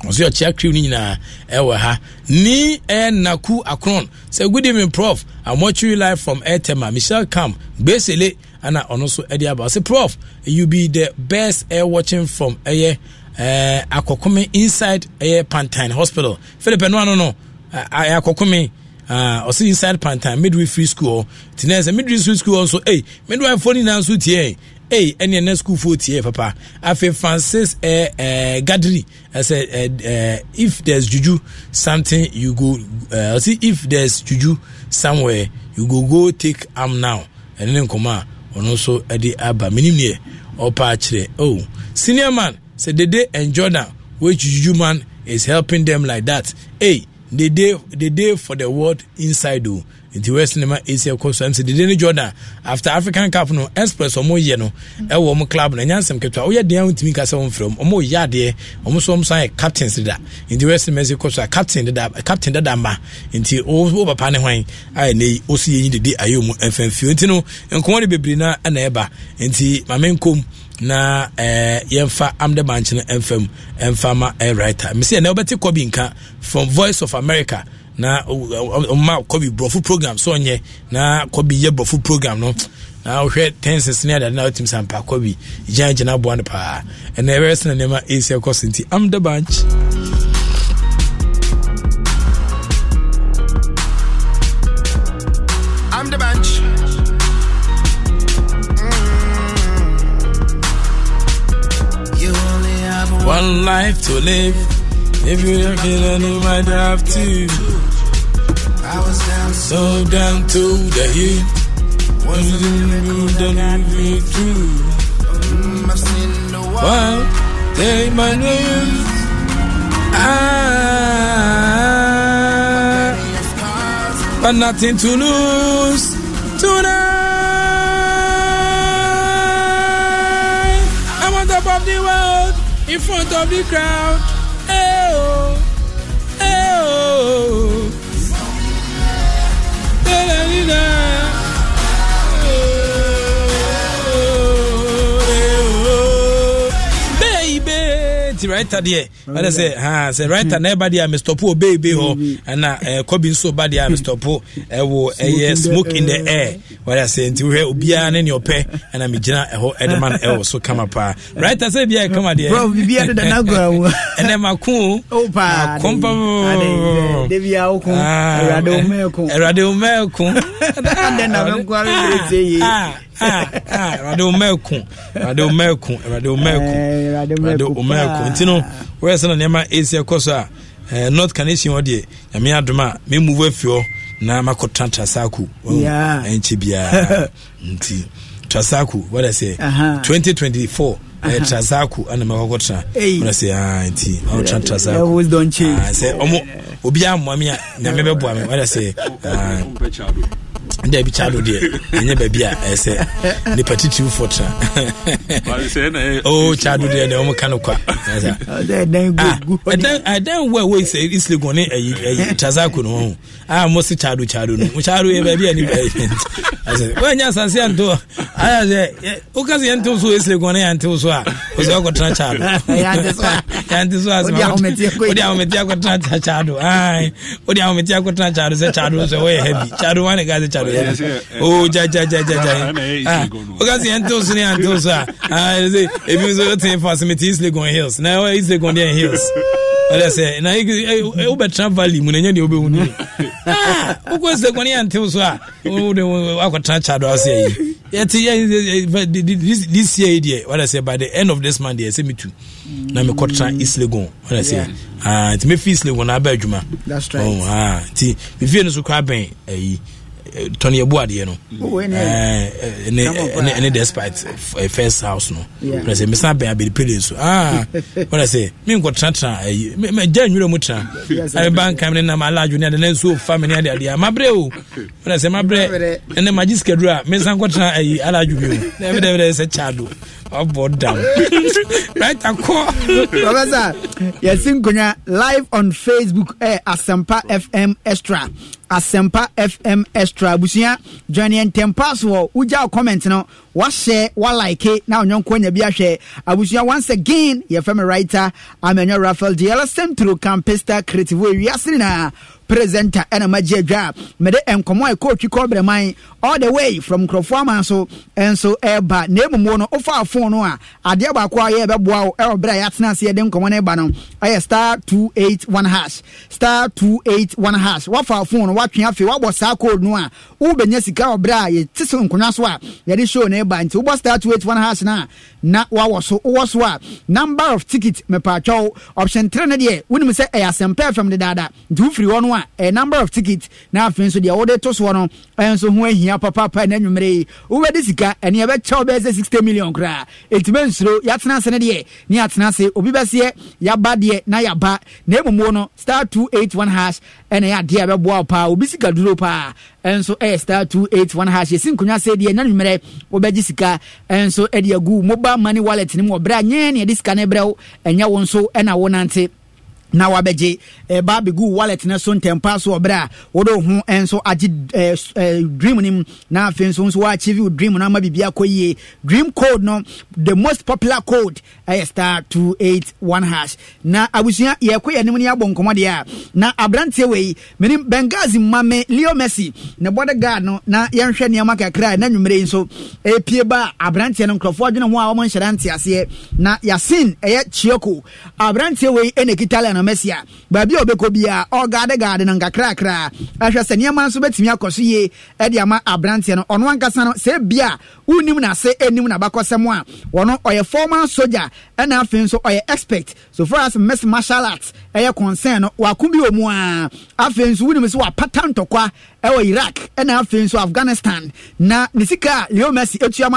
ɔsɛ ɔkyea crew no nyinaa ɛwɔ ha ni ɛnaku akron sɛ good evening prof i'm watching from airtema michelle camp gbesele ana ɔno nso ɛde aba ɔsɛ prof you be the best air watching from ɛyɛ ɛɛ akɔkɔmi inside ɛyɛ pantine hospital philip ɛnu ano no ɛɛ akɔkɔmi ɔsɛ inside pantine midwifery school ɔ tinɛ sɛ midwifery school nso ɛy midwifery nyinaa nso tie ei ɛne ɛna sukuufoɔ tie papa afei francis eh, eh, gadri ɛsɛ eh, eh, if there's juju something you go uh, see if there's juju somewhere you go go take am now ɛne ne nkɔmɔ a ɔno nso ɛde aba menim neɛ ɔpa akyerɛ oh senior man sɛ dede and jordan wey juju man is helping them like that ei hey, the day the for the world inside o. Oh nti west ne ma ɛsi ɛkɔ so msɛ dede ne jordan after african cup no express ɔmo yɛ no ɛwɔ ɔmo club na nyansi nsɛm ketewa woyɛ deɛ wontumi ka sɛ womfrɛ m ɔmo yɛ adeɛ ɔmo so ɔmo san yɛ captain deda nti west ne ma ɛsi kɔ so a captain deda captain deda ma nti wo papa ne hwan a ɛnɛ yi ɔsi yɛ yi dede ayɛ mu mfɛmfio nti no nkɔmɔ de bebree na ɛna ɛba nti maame nkom na eh, yɛmfa amde bank no mfam mfa ma writer mesɛ ɛnɛ wobɛte kɔbi nka from voice of america na ma kɔbi borɔfo program sɛ ɔnyɛ na kɔbi yɛ borɔfo program no na wohwɛ tenses ne adade na wotumi sɛ mpa kɔbi gyinagyina boa no paa ɛnɛ ɛbɛyɛ sena nneɛma ɛsi ɛkɔ so nti amde banch life to live. If you don't kill you might have to. I was down so down to the hill. What you do, don't leave me through. I've seen the world. take my name. I, but nothing to lose tonight. in front of the crowd. Hey, oh, hey, oh. Da, da, da, da. nti writer deɛ ɛna sɛ ha sɛ writer na ɛba deɛ a mistɔpo obeebe hɔ ɛna ɛɛ kɔbi nso ba deɛ a *laughs* mistɔpo ɛwɔ ɛyɛ smoke in the air wɔde sɛ nti wɛ obiara ne nea ɔpɛ ɛna mi gyina ɛhɔ ɛde ma no ɛwɔ so kama paa writer sɛ bi a kama deɛ bro bibi adi dana gora wo *laughs* ɛnɛ ma kun o paa kun paa debi awo kun ɛwurade omɛ kun ɛwurade omɛ kun ɛdɛ na bɛ nkɔ ale de ye ɛwurade omɛ kun ɛwurade omɛ kun ɛwurade omɛ kun ɛwurade omɛ nti no wɔyɛ sɛ na nneɛma ɛsi ɛkɔ so a eh, north canation hɔ deɛ nyame adom a memuvu afi hɔ na makɔtratra saako ɛnkyɛ biara nti trasaako wɔda sɛ 2024 trasaako ana makɔkɔtra wɔda sɛ nti ɔtra trasaako sɛ ɔmo obiaa mmoa me a nyame bɛboa me wɔda sɛ dɛ bi kyalo deɛ ɛnyɛ baabi a ɛsɛ eh, nipa titiw fo tra o kyalo deɛ deɛ ɔmo ka no kwa ɛdan wo a wei sɛ isle gu ne ayi ayi tazako no ho a mo ah. se kyalo kyalo no kyalo yɛ baabi a nipa ɛsɛ woanya asase anto ayɛ sɛ woka sɛ yɛntew so isle gu ne yɛntew so a ɔsɛ ɔkɔtena kyalo yɛnte so asɛ wode ahometia kɔtena kyalo wode ahometia kɔtena kyalo sɛ kyalo sɛ woyɛ habi kyalo wane ka sɛ kyalo o ja ja ja ja ja o ka se yɛn to so ne to so a ebi nso o ten fa simi ti east hills na ɛwɔ east legon deɛ hills ɔlɛ sɛ na o bɛ tena valley mu na nyɛ deɛ o bɛ hu ne o ko east legon yɛn to so a o de akɔ tena kyadɔ ase yi this year yi deɛ ɔlɛ sɛ by the end of this month deɛ ɛsɛ mi tu na mi kɔ tena east legon ɔlɛ sɛ nti mi fi east legon na abɛ adwuma nti mi fie no so kɔ abɛn ɛyi tɔn yɛ bu adeɛ no ɛne eh, eh, despite eh, first house no ɛna sɛ mesan bɛn abɛdi pele so aa wɔna sɛ menkɔ tenatena gya nnwura mu tena ɛba nka me ne nam aladwo ne ade na nsuo fa me ne ade adeɛ mabrɛ o wɔna sɛ mabrɛ ɛnɛ magye sikaduru a mensan kɔtena ayi aladwo bi mu na ɛbɛdɛbɛdɛ sɛ do abɔ *laughs* right akɔ. professor yɛsi nkonnwa live on facebook ɛ eh, asempa fm extra asempa fm extra abusua johnny ntɛmpaso wɔ wogya comment no wahyɛ walike na ɔnyɔnko anya bi ahwɛ abusua once again yɛfrɛ me writer amanyɔ rafael diala centro campista creativo ewiase nyinaa presenter ɛna magye adwa a mede nkɔmmɔ a ɛkɔɔtwi kɔbrɛman all the way from nkurɔfoɔ ama so nso ɛreba na mmom no wofa afon no a adeɛ baako a yɛ ɛbɛboa wo ɛwɔ berɛ a yɛatena ase yɛde nkɔmmɔ no ba no ɛyɛ star 281 hash star 281 hash woafa afon no woatwe afei woabɔ saa code no a wobɛnya sika wɔ berɛ a yɛte so nkonnwa so a yɛde show no ɛba nti wobɔ star 281 has no na wawɔ so wowɔ so a number of ticket mepaatwa wo option 3 no deɛ wonim sɛ ɛyɛ asɛmpa fam dedaada nti wofiri hɔ no a ɛyɛ number of ticket na afei nso deɛ wode to soɔ no ɛnso ho ahia papapa ɛna nwummere yi wobɛde sika ɛne ɛbɛkyɛw bɛyɛ sɛ 60 million koraa ɛntumi nsuro yɛatena ase no deɛ ne yɛatena ase obi bɛseɛ yɛaba deɛ na yɛaba na mmuo no star 281 hash ɛna ɛyɛ adeɛ a ɛbɛboa wo paa obi sika duro paa ɛnso ɛyɛ star two eight one hash yɛsi nkonnwa sɛ deɛ ɛnya nwummerɛ sika ɛnso ɛde agu mobile money wallet no mu ɔbrɛ a nyɛ ne yɛde sika no brɛ wo ɛnyɛ wo nso ɛna wo nante na wabɛgye ɛba eh, abɛgu wallet no so ntɛmpa so ɔberɛ a wode wo ho eh, nso agye eh, dream no mu na afei nso nso woachieve wo dream no ama biribia kɔ yie dream code no the most popular code ɛyɛ star 281 hash na abusua yɛkɔ yɛ nim ne yɛabɔ nkɔmmɔ deɛ a na aberanteɛ wei menim bengazi ma me leo messi ne bɔde guard no na yɛnhwɛ nneɛma kakra na nwummere yi nso ɛpie ba a aberanteɛ no nkurɔfoɔ adwene ho a wɔmɔ nhyɛda nteaseɛ na yasin ɛyɛ chioko aberanteɛ wei ɛna ɛkita lɛ no messi a baabi a ɔbɛkɔ biara ɔgaade gaade no nkakrakra ahwɛ sɛ nneɛma nso bɛtumi akɔ so yie ɛde ama aberanteɛ no ɔno ankasa no sɛ bia wonim n'ase ɛnim n'abakɔsɛm a wɔno ɔyɛ former soldier ɛna afei nso ɔyɛ expert so far as miss martial arts ɛyɛ concern no wako bi wɔ mu a afei nso wonim sɛ wapata ntɔkwa ɛwɔ iraq ɛna afei nso afghanistan na ne sika a leo messi atua ma